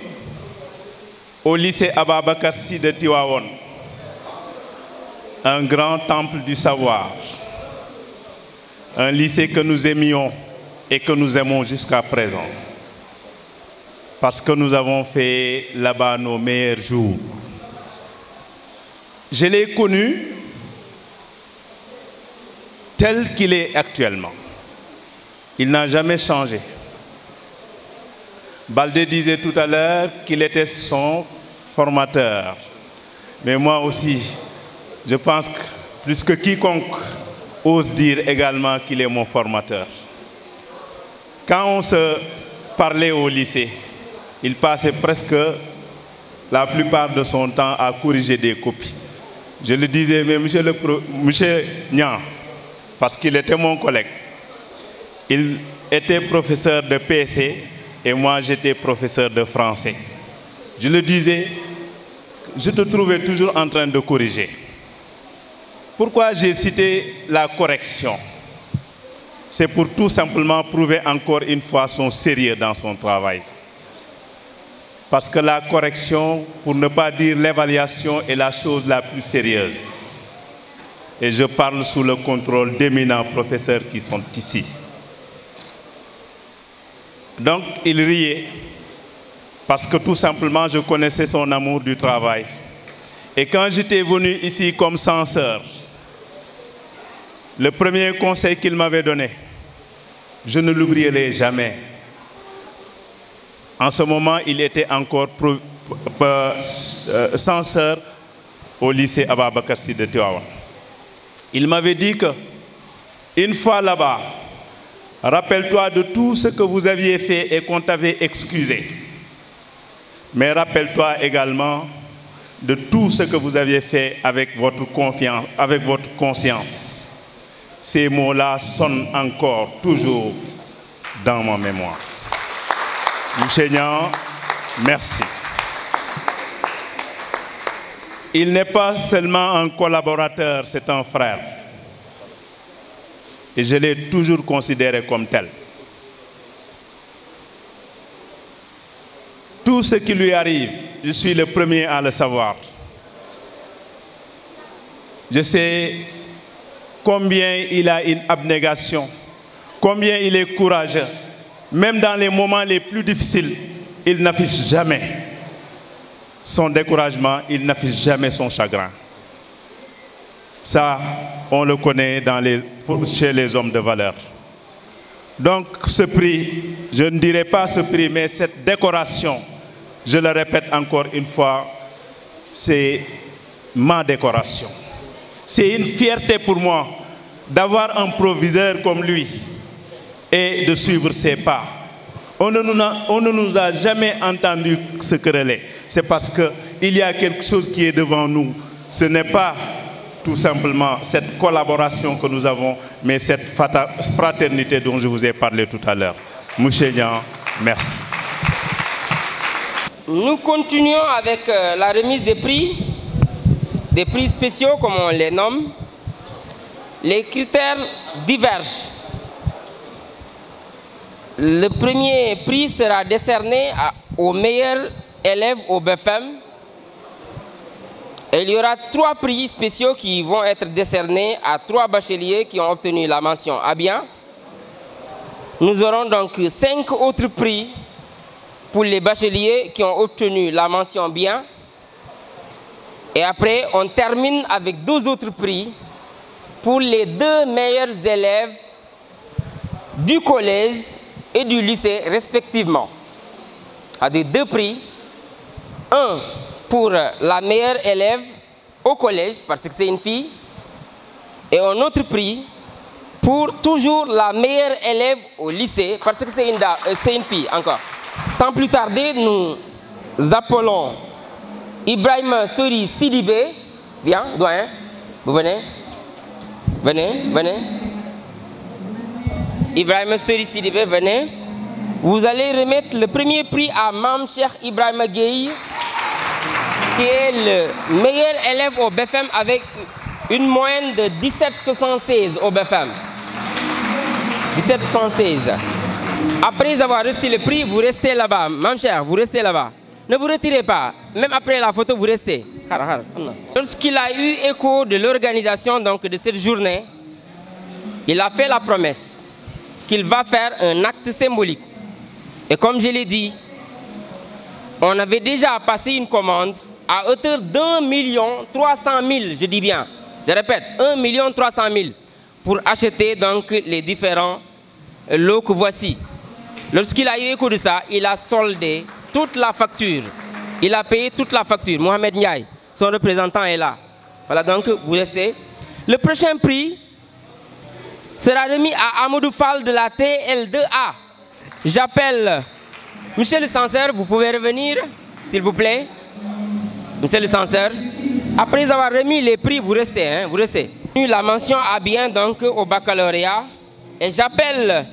au lycée Ababakassi de Tiwawon un grand temple du savoir, un lycée que nous aimions et que nous aimons jusqu'à présent, parce que nous avons fait là-bas nos meilleurs jours. Je l'ai connu tel qu'il est actuellement. Il n'a jamais changé. Baldé disait tout à l'heure qu'il était son formateur. Mais moi aussi, je pense que plus que quiconque ose dire également qu'il est mon formateur. Quand on se parlait au lycée, il passait presque la plupart de son temps à corriger des copies. Je le disais, mais monsieur, le Nian, parce qu'il était mon collègue, il était professeur de PC et moi j'étais professeur de français. Je le disais, je te trouvais toujours en train de corriger. Pourquoi j'ai cité la correction C'est pour tout simplement prouver encore une fois son sérieux dans son travail. Parce que la correction, pour ne pas dire l'évaluation, est la chose la plus sérieuse. Et je parle sous le contrôle d'éminents professeurs qui sont ici. Donc, il riait parce que tout simplement, je connaissais son amour du travail. Et quand j'étais venu ici comme censeur, le premier conseil qu'il m'avait donné, je ne l'oublierai jamais. En ce moment, il était encore euh, euh, censeur au lycée Ababakassi de Tiwawa. Il m'avait dit que, une fois là-bas, rappelle-toi de tout ce que vous aviez fait et qu'on t'avait excusé. Mais rappelle-toi également de tout ce que vous aviez fait avec votre, confiance, avec votre conscience ces mots-là sonnent encore, toujours dans ma mémoire. Seigneur, merci. Il n'est pas seulement un collaborateur, c'est un frère. Et je l'ai toujours considéré comme tel. Tout ce qui lui arrive, je suis le premier à le savoir. Je sais combien il a une abnégation, combien il est courageux. Même dans les moments les plus difficiles, il n'affiche jamais son découragement, il n'affiche jamais son chagrin. Ça, on le connaît chez les hommes de valeur. Donc ce prix, je ne dirai pas ce prix, mais cette décoration, je le répète encore une fois, c'est ma décoration. C'est une fierté pour moi d'avoir un proviseur comme lui et de suivre ses pas. On ne nous a, jamais entendu se quereller. C'est parce qu'il y a quelque chose qui est devant nous. Ce n'est pas tout simplement cette collaboration que nous avons, mais cette fraternité dont je vous ai parlé tout à l'heure. Mouchélian, merci. Nous continuons avec euh, la remise des prix, des prix spéciaux comme on les nomme, les critères divergent. Le premier prix sera décerné aux meilleurs élèves au BFM. E il y aura trois prix spéciaux qui vont être décernés à trois bacheliers qui ont obtenu la mention à bien. Nous aurons donc cinq autres prix pour les bacheliers qui ont obtenu la mention bien. Et après, on termine avec deux autres prix pour les deux meilleurs élèves du collège et du lycée respectivement. À des deux prix, un pour la meilleure élève au collège, parce que c'est une fille, et un autre prix pour toujours la meilleure élève au lycée, parce que c'est une, euh, fille encore. Tant plus tard, nous appelons Ibrahim Sori Sidibé. Viens, doyen, vous venez. Venez, venez. Ibrahim Sidibé, venez. Vous allez remettre le premier prix à Mam Cheikh Ibrahim Gueye, qui est le meilleur élève au BFM avec une moyenne de 17,76 au BFM. 17,76. Après avoir reçu le prix, vous restez là-bas. Mam Cheikh, vous restez là-bas. Ne vous retirez pas. Même après la photo, vous restez. Lorsqu'il a eu écho de l'organisation donc de cette journée, il a fait la promesse qu'il va faire un acte symbolique. Et comme je l'ai dit, on avait déjà passé une commande à hauteur d'un million trois cent mille, je dis bien, je répète, un million trois cent mille pour acheter donc les différents lots que voici. Lorsqu'il a eu écho de ça, il a soldé toute la facture. Il a payé toute la facture. Mohamed Ndiaye, son représentant est là. Voilà, donc vous restez. Le prochain prix sera remis à Amadou Fall de la TL2A. J'appelle Monsieur le censeur, vous pouvez revenir, s'il vous plaît. Monsieur le censeur, après avoir remis les prix, vous restez, hein, vous restez. La mention a bien donc au baccalauréat. Et j'appelle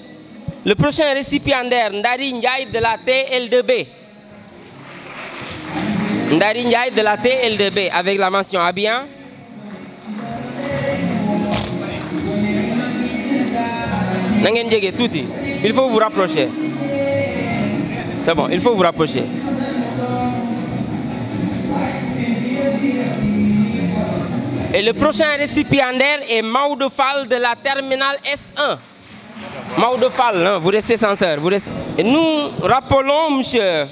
le prochain récipiendaire, Ndari Ndiaye de la TL2B. Ndari de la TLDB avec la mention à bien. Il faut vous rapprocher. C'est bon, il faut vous rapprocher. Et le prochain récipiendaire est Maude Fall de la terminale S1. Maude Fall, hein, vous restez sans Vous Et nous rappelons, monsieur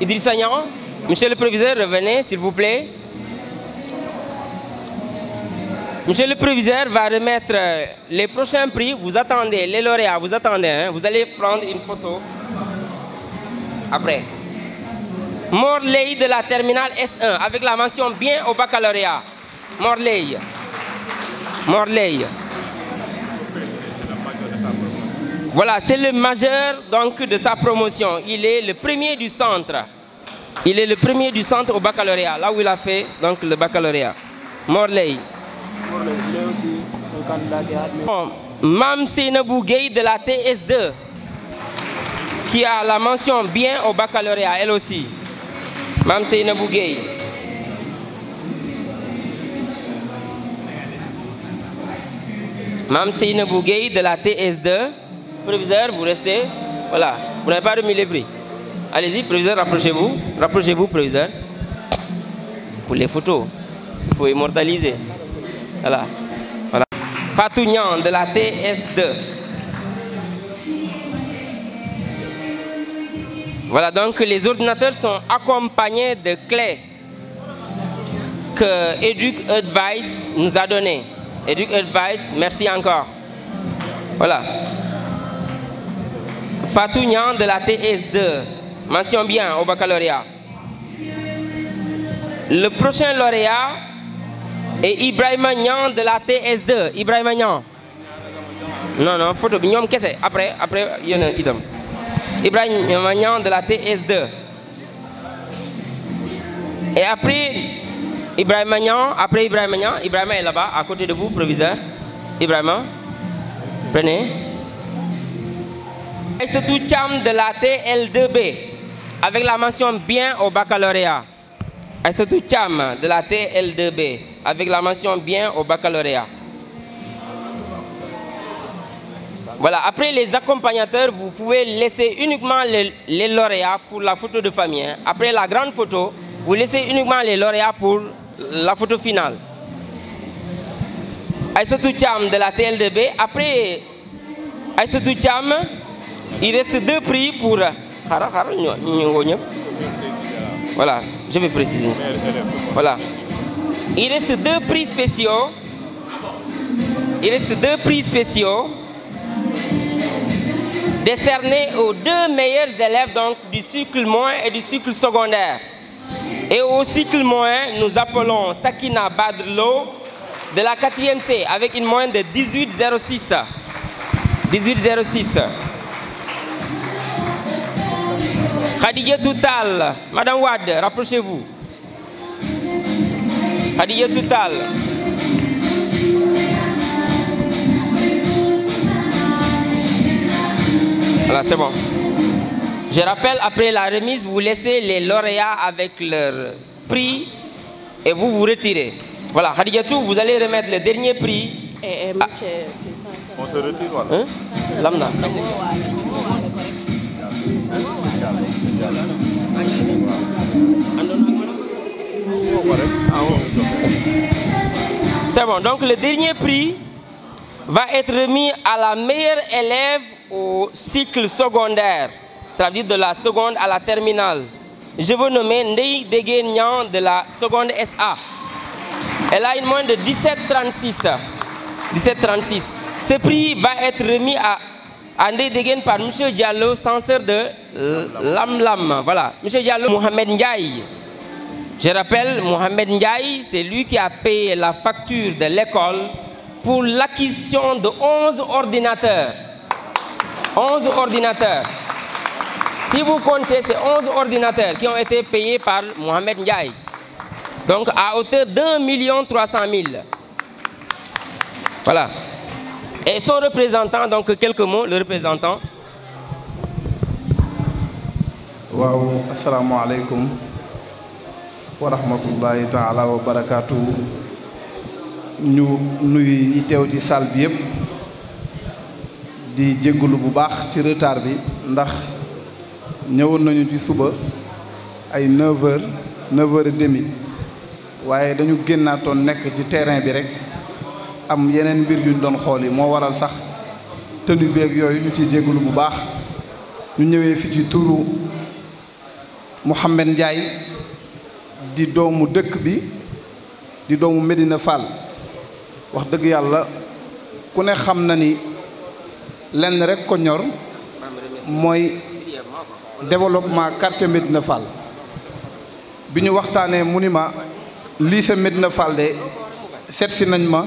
Idrissa Nyan, Monsieur le Préviseur, revenez, s'il vous plaît. Monsieur le Préviseur va remettre euh, les prochains prix. Vous attendez, les lauréats, vous attendez. Hein. Vous allez prendre une photo après. Morley de la terminale S1 avec la mention bien au baccalauréat. Morley. Morley. Voilà, c'est le majeur donc de sa promotion. Il est le premier du centre. Il est le premier du centre au baccalauréat, là où il a fait donc, le baccalauréat. Morley. Morley, il aussi un candidat de la TS2, qui a la mention bien au baccalauréat, elle aussi. Mam Seynabou Mam de la TS2. Préviseur vous restez. Voilà, vous n'avez pas remis les prix. Allez-y, proviseur, rapprochez-vous. Rapprochez-vous, proviseur. Pour les photos, il faut immortaliser. Voilà. voilà. Fatou Nyan de la TS2. Voilà, donc les ordinateurs sont accompagnés de clés que Educ Advice nous a données. Educ Advice, merci encore. Voilà. Fatou Nyan de la TS2. Mention bien au baccalauréat. Le prochain lauréat est Ibrahim Nyan de la TS2. Ibrahim Nyan. Non, non, photo. Après, après, il y en a un item. Ibrahim Nyan de la TS2. Et après Ibrahim Nyan. après Ibrahim Nyan. Ibrahim est là-bas, à côté de vous, proviseur. Ibrahim, prenez. Et surtout Cham de la TL2B avec la mention bien au baccalauréat. tout Cham de la TLDB avec la mention bien au baccalauréat. Voilà, après les accompagnateurs, vous pouvez laisser uniquement les, lauréats pour la photo de famille. Hein. Après la grande photo, vous laissez uniquement les lauréats pour la photo finale. Aïssatou Cham de la TLDB après Cham, il reste deux prix pour voilà je vais préciser voilà il reste deux prix spéciaux il reste deux prix spéciaux décernés aux deux meilleurs élèves donc du cycle moyen et du cycle secondaire. Et au cycle moyen, nous appelons Sakina Badrlo de la 4e C avec une moyenne de 18,06. 18,06. Khadija Toutal, Madame Wad, rapprochez-vous. Khadija Toutal. Voilà, c'est bon. Je rappelle, après la remise, vous laissez les lauréats avec leur prix et vous vous retirez. Voilà, Tout, vous allez remettre le dernier prix. Et, eh, eh, ah. monsieur, On se retire, voilà. Hein? Lamna. Oh, c'est bon, donc le dernier prix va être remis à la meilleure élève au cycle secondaire, c'est-à-dire de la seconde à la terminale. Je veux nommer Ndei Deguenyan de la seconde SA. Elle a une moyenne de 17,36. 17,36. Ce prix va être remis à André Degen par M. Diallo, censeur de Lam Lam. Voilà, M. Diallo Mohamed Ndiaye. Je rappelle, Mohamed Ndiaye, c'est lui qui a payé la facture de l'école pour l'acquisition de 11 ordinateurs. 11 ordinateurs. Si vous comptez, ces 11 ordinateurs qui ont été payés par Mohamed Ndiaye. Donc à hauteur d'un million trois cent mille. Voilà. Et son représentant, donc quelques mots, le représentant. assalamu alaikum. wa rahmatullahi taala wa barakatuh. ñu nous ñi dans la salle bi yëpp di la bu baax ci retard bi ndax ñëwoon nañu ci suba ay 9 h 9 9h30 waye waaye dañu génnaatoon nek ci terrain bi rek am yeneen mbir yuñ doon xool yi moo waral sax tënu beeg yooyu ñu ci jégalu bu baax ñu ñëwee fii ci turu Mouhamed njaay di doomu dëkk bi di doomu Medina Fall wax dëgg yàlla ku ne xam na ni lenn rek ko ñor mooy développement quartier Medina Fall bi ñu waxtaanee mu ni ma lycée Medina Fall de seet si nañ ma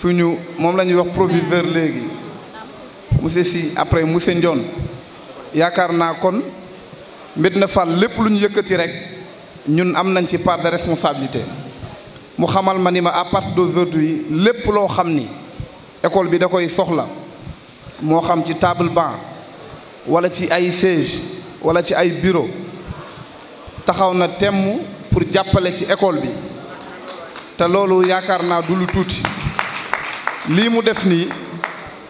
suñu moom la ñuy wax proviseur léegi monsieur si après monsieur Ndione yaakaar naa kon Médina Fall lépp lu yëkkati rek ñun am nañ ci part de responsabilité mu xamal ma ni ma à partir d'aujourd'hui lépp loo xam ni école bi da koy soxla moo xam ci table banc wala ci ay siège wala ci ay bureau taxaw na temm pour jàppale ci école bi te loolu yaakaar naa du lu tuuti lii mu def nii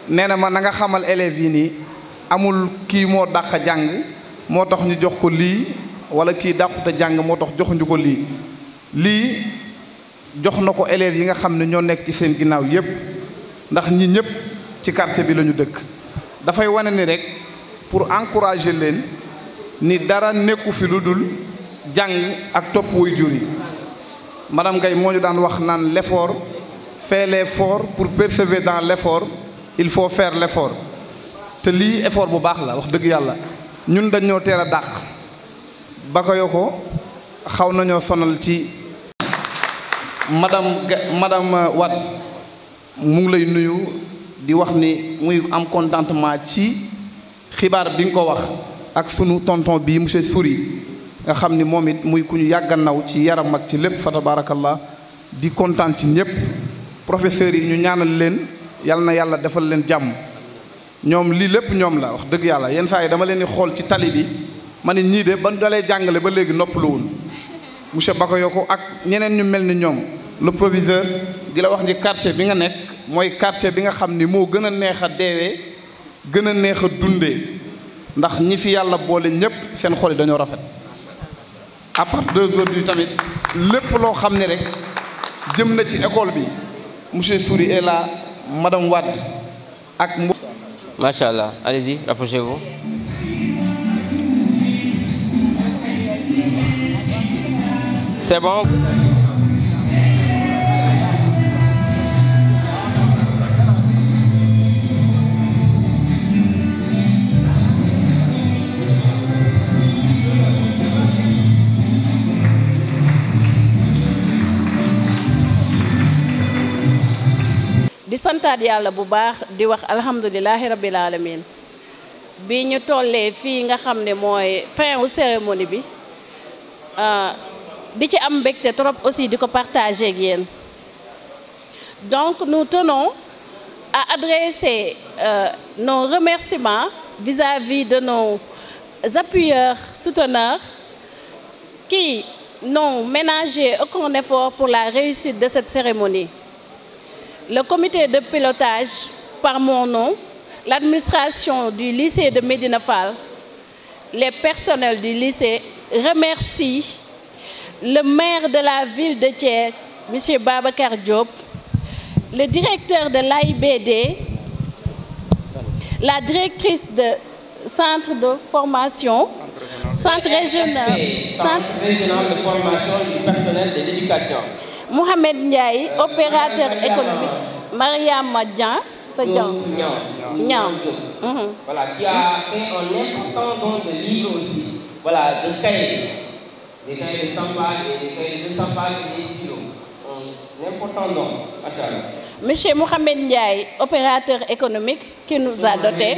nee na ma nanga xamal élèves yi nii amul kii moo dàq jàng moo tax ñu jox ko lii wala kii dàqute jàng moo tax joxuñu ko lii lii jox na ko élèves yi nga xam ne ñoo nekk ci seen ginnaaw yépp ndax ñii ñépp ci quartier bi lañu dëkk dafay wane ni rek pour encourager leen ni dara nekku fi lu dul jàng ak topp way jur yi madame Gaye moo ñu daan wax naan l'effort Faire l'effort pour persévérer dans l'effort il faut faire l'effort te li effort bu bax la wax deug yalla. ñun dañ Bakayoko xaw nous sonal ci madame madame euh, Wat mu lay nuyu di wax ni muy am contentement ci xibar bi ko wax ak suñu tonton bi monsieur Souri nga xamni momit muy kuñu yaganaw ci yaram ak ci lepp di ci professeurs yi ñu ñaanal leen yal na yàlla defal leen jàmm ñoom lii lépp ñoom la wax dëgg yàlla yenn saa yi dama leen di xool ci tali bi ma ne ñii de ban dalee jàngale ba léegi noppaluwul monsieur Bakayoko ak ñeneen ñu mel ni ñoom le proviseur di la wax ni quartier bi nga nekk mooy quartier bi nga xam ni moo gën a neex a deewee gën a neex a dundee ndax ñi fi yàlla boole ñépp seen xol yi dañoo rafet à part deux tamit lépp loo xam ne rek jëm na ci école bi Monsieur Souri est là, Madame Wad. Masha'Allah, allez-y, rapprochez-vous. C'est bon di yalla bu baax di wax alhamdulilahi rabbil alamin bi ñu nga xamné moy fin au cérémonie bi euh, di ci am trop aussi diko partager ak donc nous tenons à adresser euh, nos remerciements vis-à-vis -vis de nos appuyeurs, souteneurs qui n'ont ménagé aucun effort pour la réussite de cette cérémonie le comité de pilotage par mon nom, l'administration du lycée de Médinafal, les personnels du lycée remercient le maire de la ville de Thiès, M. Babacar Diop, le directeur de l'AIBD, la directrice de centre de formation, centre centre régional de formation du personnel de l'éducation. Mohamed Ndiaye opérateur économique Maria c'est c'est Nyam. voilà qui a fait un important don de livres aussi voilà de cahiers des cahiers de 100 pages et des cahiers de 200 pages et des stylos un important don Monsieur Mohamed Ndiaye opérateur économique qui nous a doté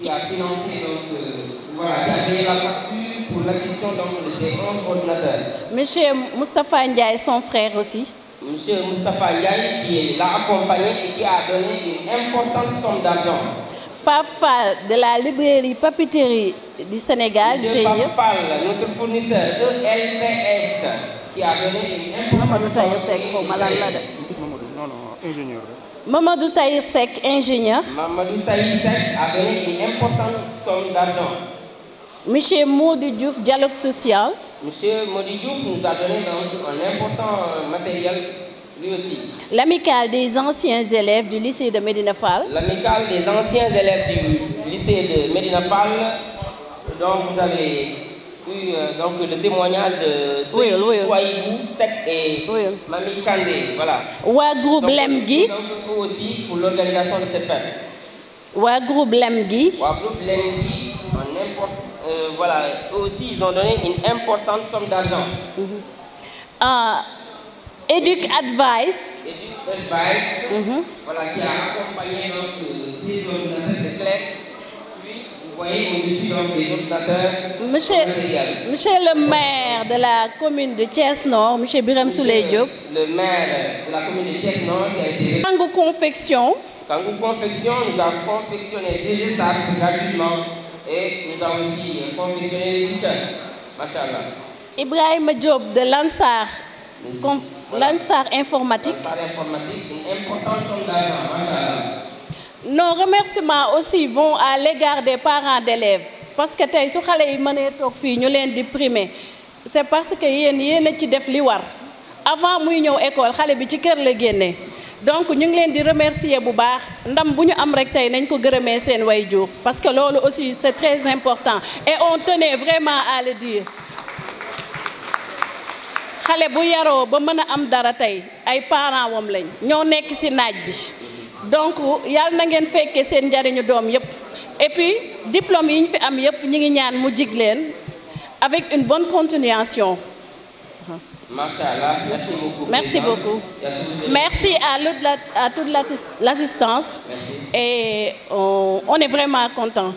qui a financé donc euh, voilà la facture pour l'acquisition de ces ordinateurs. Monsieur Moustapha Ndiaye, son frère aussi. Monsieur Moustapha Ndiaye qui l'a accompagné et qui a donné une importante somme d'argent. Papa de la librairie papeterie du Sénégal, Monsieur Papal, notre fournisseur de LPS, qui oh, a donné une importante somme d'argent. Mamadou Taïsek, ingénieur. Mamadou Taïsek a donné une importante somme d'argent. Monsieur Maudit Diouf, dialogue social. Monsieur Maudit Diouf nous a donné un, important euh, matériel lui aussi. L'amicale des anciens élèves du lycée de Médinafal. L'amicale des anciens élèves du lycée de Médinafal, dont vous avez eu euh, donc, le témoignage de oui, oui. vous Sec et oui. Voilà. Wa groupe Lemgui. Donc, aussi pour l'organisation de cette fête. Wa groupe euh, voilà, eux aussi, ils ont donné une importante somme d'argent. Mm Educ Advice. Educ Advice, mhm. voilà, qui a accompagné donc, euh, ces ordinateurs de clés. vous voyez nous sommes des Monsieur, monsieur le maire de la commune de Thiès Nord, monsieur Biram Souley Le maire de la commune de Thiès Nord qui a été. Tango Confection. Kangou Confection nous a confectionné GG gratuitement. Et nous avons aussi un commissaire t-shirts. Machallah. Ibrahim Diop de l'ANSAR, l'ANSAR informatique. L'ANSAR informatique, une importante somme d'argent, Machallah. Nos remerciements aussi vont à l'égard des parents d'élèves. Parce que si su xale yi mënee toog fii ñu di primer c'est parce que yéen yéen a ci def li war avant muy ñëw école xale bi ci kër la génnee donc nous ngi leen di remercier bu baax ndam bu am rek parce que aussi c'est très important et on tenait vraiment à le dire Xalé bu yaro ba am dara ay parents wam lañ ñoo nekk ci naaj bi donc na ngeen seen doom yépp et puis diplôme fi am yépp ngi ñaan mu avec une bonne continuation Merci beaucoup. Merci à, toute l'assistance. Et on, est vraiment content.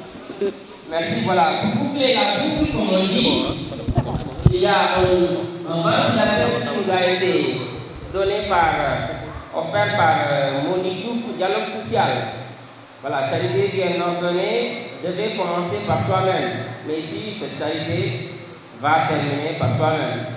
Merci, voilà. Vous la comme on dit. Il y a un, un ventilateur qui nous a été donné par, euh, offert par euh, Monitou Dialogue Social. Voilà, charité qui est ordonnée devait commencer par soi-même. Mais ici, cette charité va terminer par soi-même.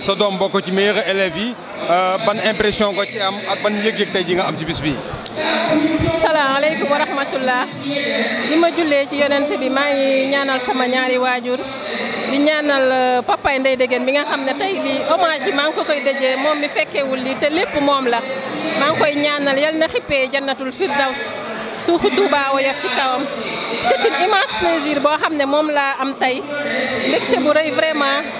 sa doom bokk ci meilleurs élèves yi euh, ban impression ko ci am ak ban yëg-yëg tey ji nga am ci bis bi. salaamaaleykum wa rahmatullah li julé ci yonenté bi maa ngi ñaanal sama ñaari wajur di ñaanal euh, papaay ndey degen bi nga xamné tay li hommage yi ngi ko koy dëjee mom mi féké wul li té lépp mom la maa ngi koy ñaanal yal na xippé jannatul firdaws suufu Touba woyof ci kawam c'est un immense plaisir bo xamné mom la laa am tey mbégte bu rëy vraiment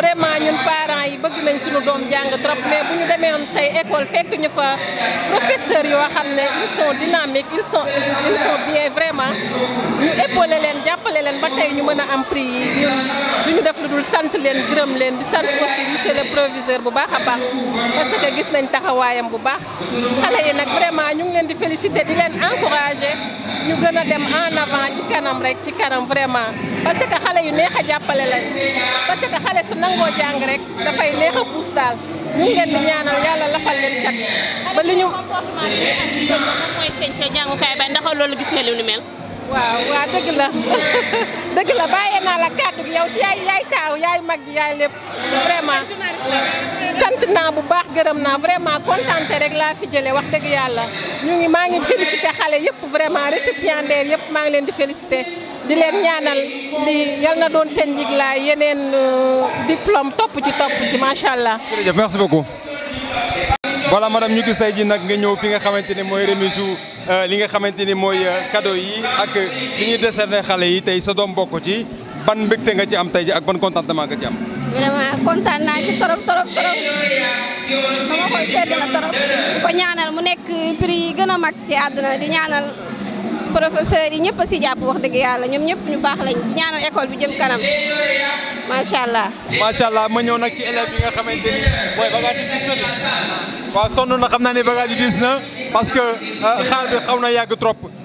vraiment ñun parents yi bëgg nañ suñu doom jàng trop mais bu ñu demee tey école fekk ñu fa professeurs yoo xam ne ils sont dynamiques ils sont bien vraiment ñu épaulé leen jàppale leen ba tey ñu mën a am prix yi ñun ñu def lu dul sant leen gërëm leen di sant aussi monsieur le proviseur bu baax a baax parce que gis nañ taxawaayam bu baax xale yi nag vraiment ñu ngi leen di féliciter di leen encourager ñu gën dem en avant ci kanam rek ci kanam vraiment parce que xale yu neex a jàppale nangoo jàng rek dafay neex a puus daal ñu ngi leen di ñaanal yàlla lafal leen cat ba li ñu jàngukaay ba ndax loolu gis nga li mel waaw waaw dëgg la dëgg la bàyyi naa la kàddu gi yow si yaay yaay taaw yaay mag gi yaay lépp vraiment sant naa bu baax gërëm naa vraiment kontaante rek laa fi jële wax dëgg yàlla ñu ngi maa ngi félicité xale yëpp vraiment récipiendaire yëpp maa ngi leen di félicité di len ñaanal li yalla doon seen njiglaay yenen uh, diplôme top ci top ci machallah merci beaucoup. wala madame ñu gis tay ji nak nga ñew fi nga xamanteni moy mooy remise euh, li nga xamanteni moy euh, cadeau yi ak li ñu décerné xalé yi tay sa doom bokku ci ban mbekté nga ci am tay ji ak ban contentement nga ci am. vraiment content na ci torop torop torop sama ko sédé na torop ko ñaanal mu nekk prix gëna gën mag ci aduna di ñaanal. professeurs yi ñëpp a si jàpp wax dëgg yàlla ñoom ñëpp ñu baax lañ ñaanal école bi jëm kanam macha allah. macha allah ma ñëw nag ci élèves yi nga xamante ni mooy bagage yi gis na waaw sonn na xam naa ne bagage yi na parce que euh, xaar bi xaw na yàgg trop.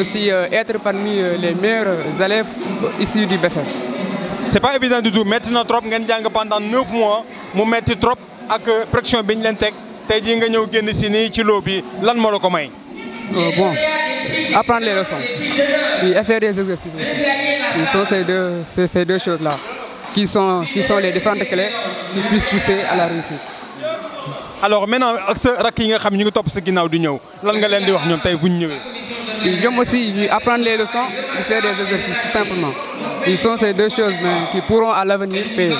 aussi euh, être parmi euh, les meilleurs élèves issus du Ce C'est pas évident du tout. Maintenant trop pendant 9 mois mu metti trop ak euh, pression de ñu leen teg dit que nga avez si ci loo bi lan bon apprendre les leçons et faire des exercices aussi ce sont ces deux ces deux choses là qui sont qui sont les différentes clés qui puissent pousser à la réussite alors maintenant ce qui est yi nga xam ñu ngi topp aussi apprendre les leçons et faire des exercices tout simplement. Ce sont ces deux choses qui pourront à l'avenir payer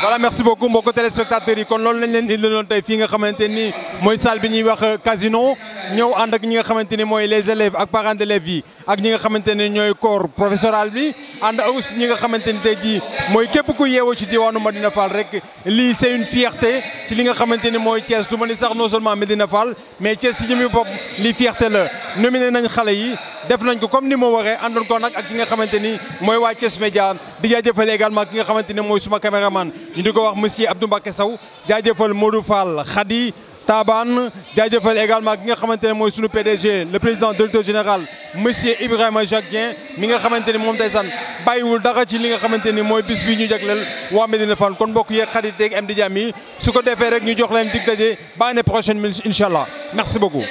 voilà merci beaucoup mbokk téléspectateurs yi kon loolu lañ leen indi loon tey fii nga xamante ni salle bi ñuy wax euh, casino ñëw ànd ak ñi nga xamante ni mooy les élèves ak parents d'élèves yi ak ñi nga xamante ni corps professoral bi ànd ak aussi ñi nga xamante ni tey jii mooy képp ku yeewoo ci diwaanu Medina Fall rek lii c'est une fierté ci li nga xamante ni mooy Thiès du ni sax non seulement Medina Fall mais Thiès si jëmi bopp lii fierté la nominé nañ xale yi def nañ ko comme ni mo waxé àndoon ko nak ak ki nga xamanteni moy wa waa Thiès Média di jaajëfal également ki nga xamanteni moy suma cameraman ñu di ko wax monsieur Abdou Mbacké Sow jaajëfal Modou Fall khadi Taban jaajëfal également ki nga xamantene moy mooy sunu PDG le président directeur général monsieur Ibrahima Jacques mi nga xamantene mom moom ndeysaan bàyyiwul dara ci li nga xamantene moy bis bi ñu jagleel wa Medina Fall kon mbokk yeeg khadi yeeg am di su ko defee rek ñu jox leen dig daje ba année prochaine incha allah merci beaucoup.